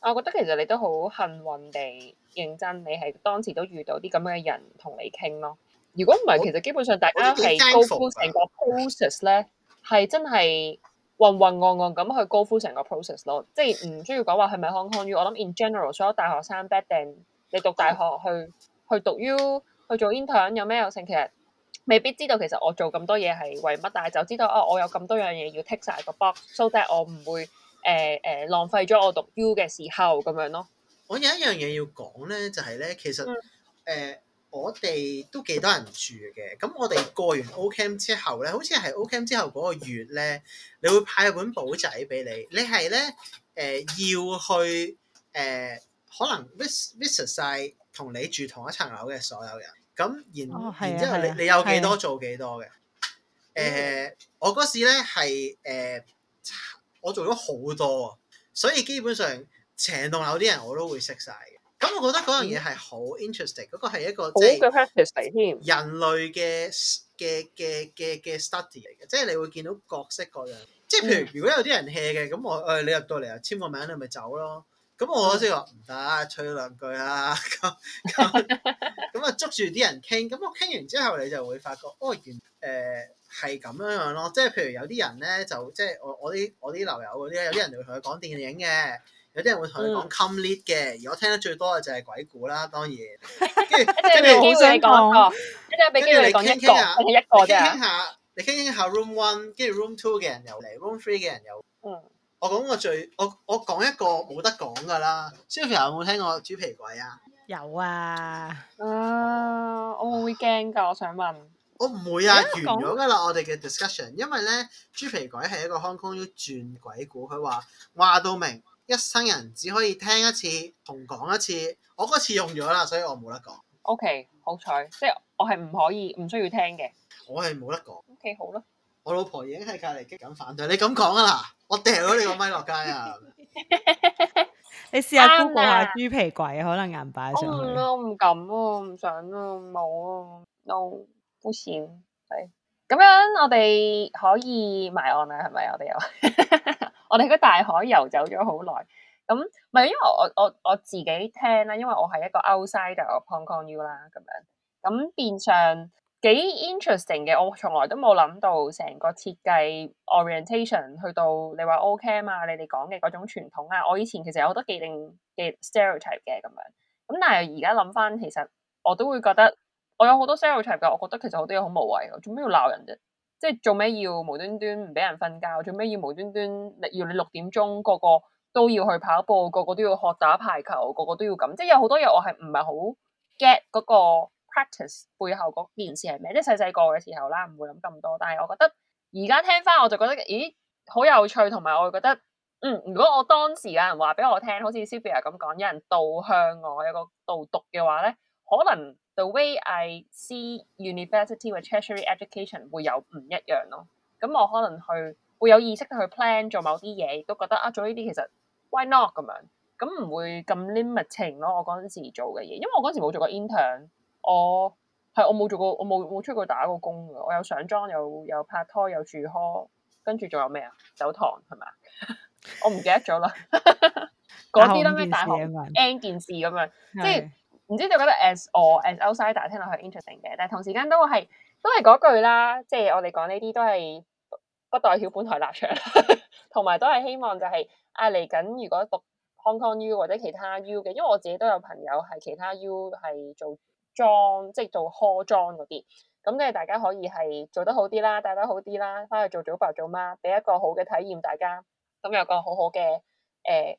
我覺得其實你都好幸運地認真，你係當時都遇到啲咁嘅人同你傾咯。如果唔係，我其實基本上大家係高估成個 process 咧，嗯。呢係真係渾渾噩噩咁去 go through 成個 process 咯，即係唔需要講話係咪 Hong Kong U，我諗 in general，所有大學生 back then 你讀大學去去讀 U 去做 intern 有咩有性？其實未必知道其實我做咁多嘢係為乜，但係就知道啊、哦，我有咁多樣嘢要 take 晒個 box，so that 我唔會誒誒、呃呃、浪費咗我讀 U 嘅時候咁樣咯。我有一樣嘢要講咧，就係、是、咧，其實誒。嗯呃我哋都幾多人住嘅，咁我哋過完 O camp 之後咧，好似係 O camp 之後個月咧，你會派一本簿仔俾你，你係咧誒要去誒、呃、可能 vis, visit visit 曬同你住同一層樓嘅所有人，咁然、哦啊、然之後你、啊啊、你有幾多做幾多嘅，誒我嗰時咧係誒我做咗好多，啊，所以基本上成棟樓啲人我都會識晒嘅。咁我覺得嗰樣嘢係好 interesting，嗰個係一個即係人類嘅嘅嘅嘅嘅 study 嚟嘅，即係你會見到各式各樣。即係譬如如果有啲人 hea 嘅，咁我誒、哎、你入到嚟啊，簽個名你咪走咯。咁我先話唔得，吹兩句啊。咁咁咁啊，捉、嗯、住啲人傾。咁我傾完之後，你就會發覺哦，原誒係咁樣樣咯。即係譬如有啲人咧，就即係我我啲我啲樓友嗰啲咧，有啲人就會同佢講電影嘅。有啲人會同你講 come lead 嘅，而我聽得最多嘅就係、是、鬼故啦。當然，跟住跟住好想講，跟住人俾機會、哦、機會你講一講，你一個，你傾下，你傾傾下 room one，跟住 room two 嘅人又嚟，room three 嘅人又，嗯、我講個最，我我講一個冇得講噶啦。Sylvia 有冇聽過豬皮鬼啊？有啊，啊，我會驚噶。我想問，嗯、我唔會啊，完咗噶啦。我哋嘅 discussion，因為咧豬皮鬼係一個 Hong Kong U 轉鬼故，佢話話到明。一生人只可以聽一次同講一次，我嗰次用咗啦，所以我冇得講。OK，好彩，即係我係唔可以唔需要聽嘅，我係冇得講。OK，好啦。我老婆已經係隔離激緊反對你咁講啊啦，我掉咗你個麥落街啊！ 你試下估估下豬皮鬼可能硬擺上去。唔 敢啊，唔想啊，冇啊，no 不行。係，咁樣我哋可以埋岸啦，係咪？我哋又。我哋喺大海游走咗好耐，咁唔係因為我我我自己聽啦，因為我係一個 outsider of Hong Kong U 啦，咁樣咁變相幾 interesting 嘅，我從來都冇諗到成個設計 orientation 去到你話 O camp 啊嘛，你哋講嘅嗰種傳統啊，我以前其實有好多既定嘅 stereotype 嘅咁樣，咁但係而家諗翻，其實我都會覺得我有好多 stereotype 嘅，我覺得其實好多嘢好無謂，做咩要鬧人啫？即係做咩要無端端唔俾人瞓覺？做咩要無端端要你六點鐘個個都要去跑步，個個都要學打排球，個個都要咁。即係有好多嘢我係唔係好 get 嗰個 practice 背後嗰件事係咩？即係細細個嘅時候啦，唔會諗咁多。但係我覺得而家聽翻我就覺得，咦好有趣，同埋我會覺得嗯，如果我當時有人話俾我聽，好似 Sylvia 咁講，有人導向我有個導讀嘅話咧。可能 the way I see university or tertiary education 會有唔一樣咯。咁我可能去會有意識去 plan 做某啲嘢，亦都覺得啊做呢啲其實 why not 咁樣，咁唔會咁 limiting 咯。我嗰陣時做嘅嘢，因為我嗰陣時冇做過 intern，我係我冇做過，我冇冇出過打過工㗎。我有上莊，有有拍拖，有住 hall，跟住仲有咩啊？走堂係咪啊？我唔記得咗啦。嗰啲啦，咩大學 N 件事咁樣，即係。唔知就覺得 as 我 as outsider 聽落去 interesting 嘅，但係同時間都係都係嗰句啦，即係我哋講呢啲都係不代表本台立場，同 埋都係希望就係啊嚟緊如果讀 Hong Kong U 或者其他 U 嘅，因為我自己都有朋友係其他 U 係做莊即係做科莊嗰啲，咁嘅大家可以係做得好啲啦，帶得好啲啦，翻去做組爸組媽，俾一個好嘅體驗大家，咁有個好好嘅誒。呃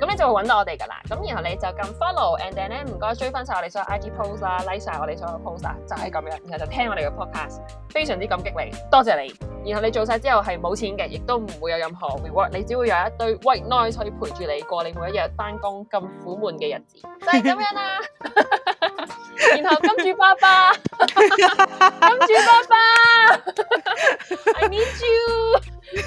咁你就會揾到我哋噶啦，咁然後你就撳 follow，and then 咧唔該追翻晒我哋所有 IG post 啦，like 晒我哋所有 post 啦，就係咁樣，然後就聽我哋嘅 podcast，非常之感激你，多謝，謝你。然後你做晒之後係冇錢嘅，亦都唔會有任何 reward，你只會有一堆 white noise 可以陪住你過你每一日翻工咁苦悶嘅日子，就係、是、咁樣啦、啊。 然後金主爸爸，金 主爸爸 ，I need you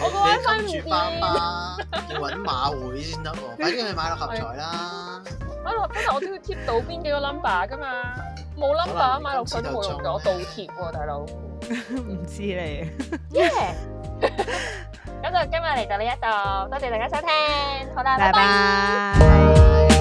爸爸。我今晚金主爸爸，要搵馬會先得喎。跟住買六合彩啦！啊，通常我都要貼到邊幾個 number 㗎嘛，冇 number 買落佢都冇用嘅，我倒貼喎，大佬。唔知你。耶！咁就今日嚟到呢一度，多謝大家收聽，好啦，拜拜。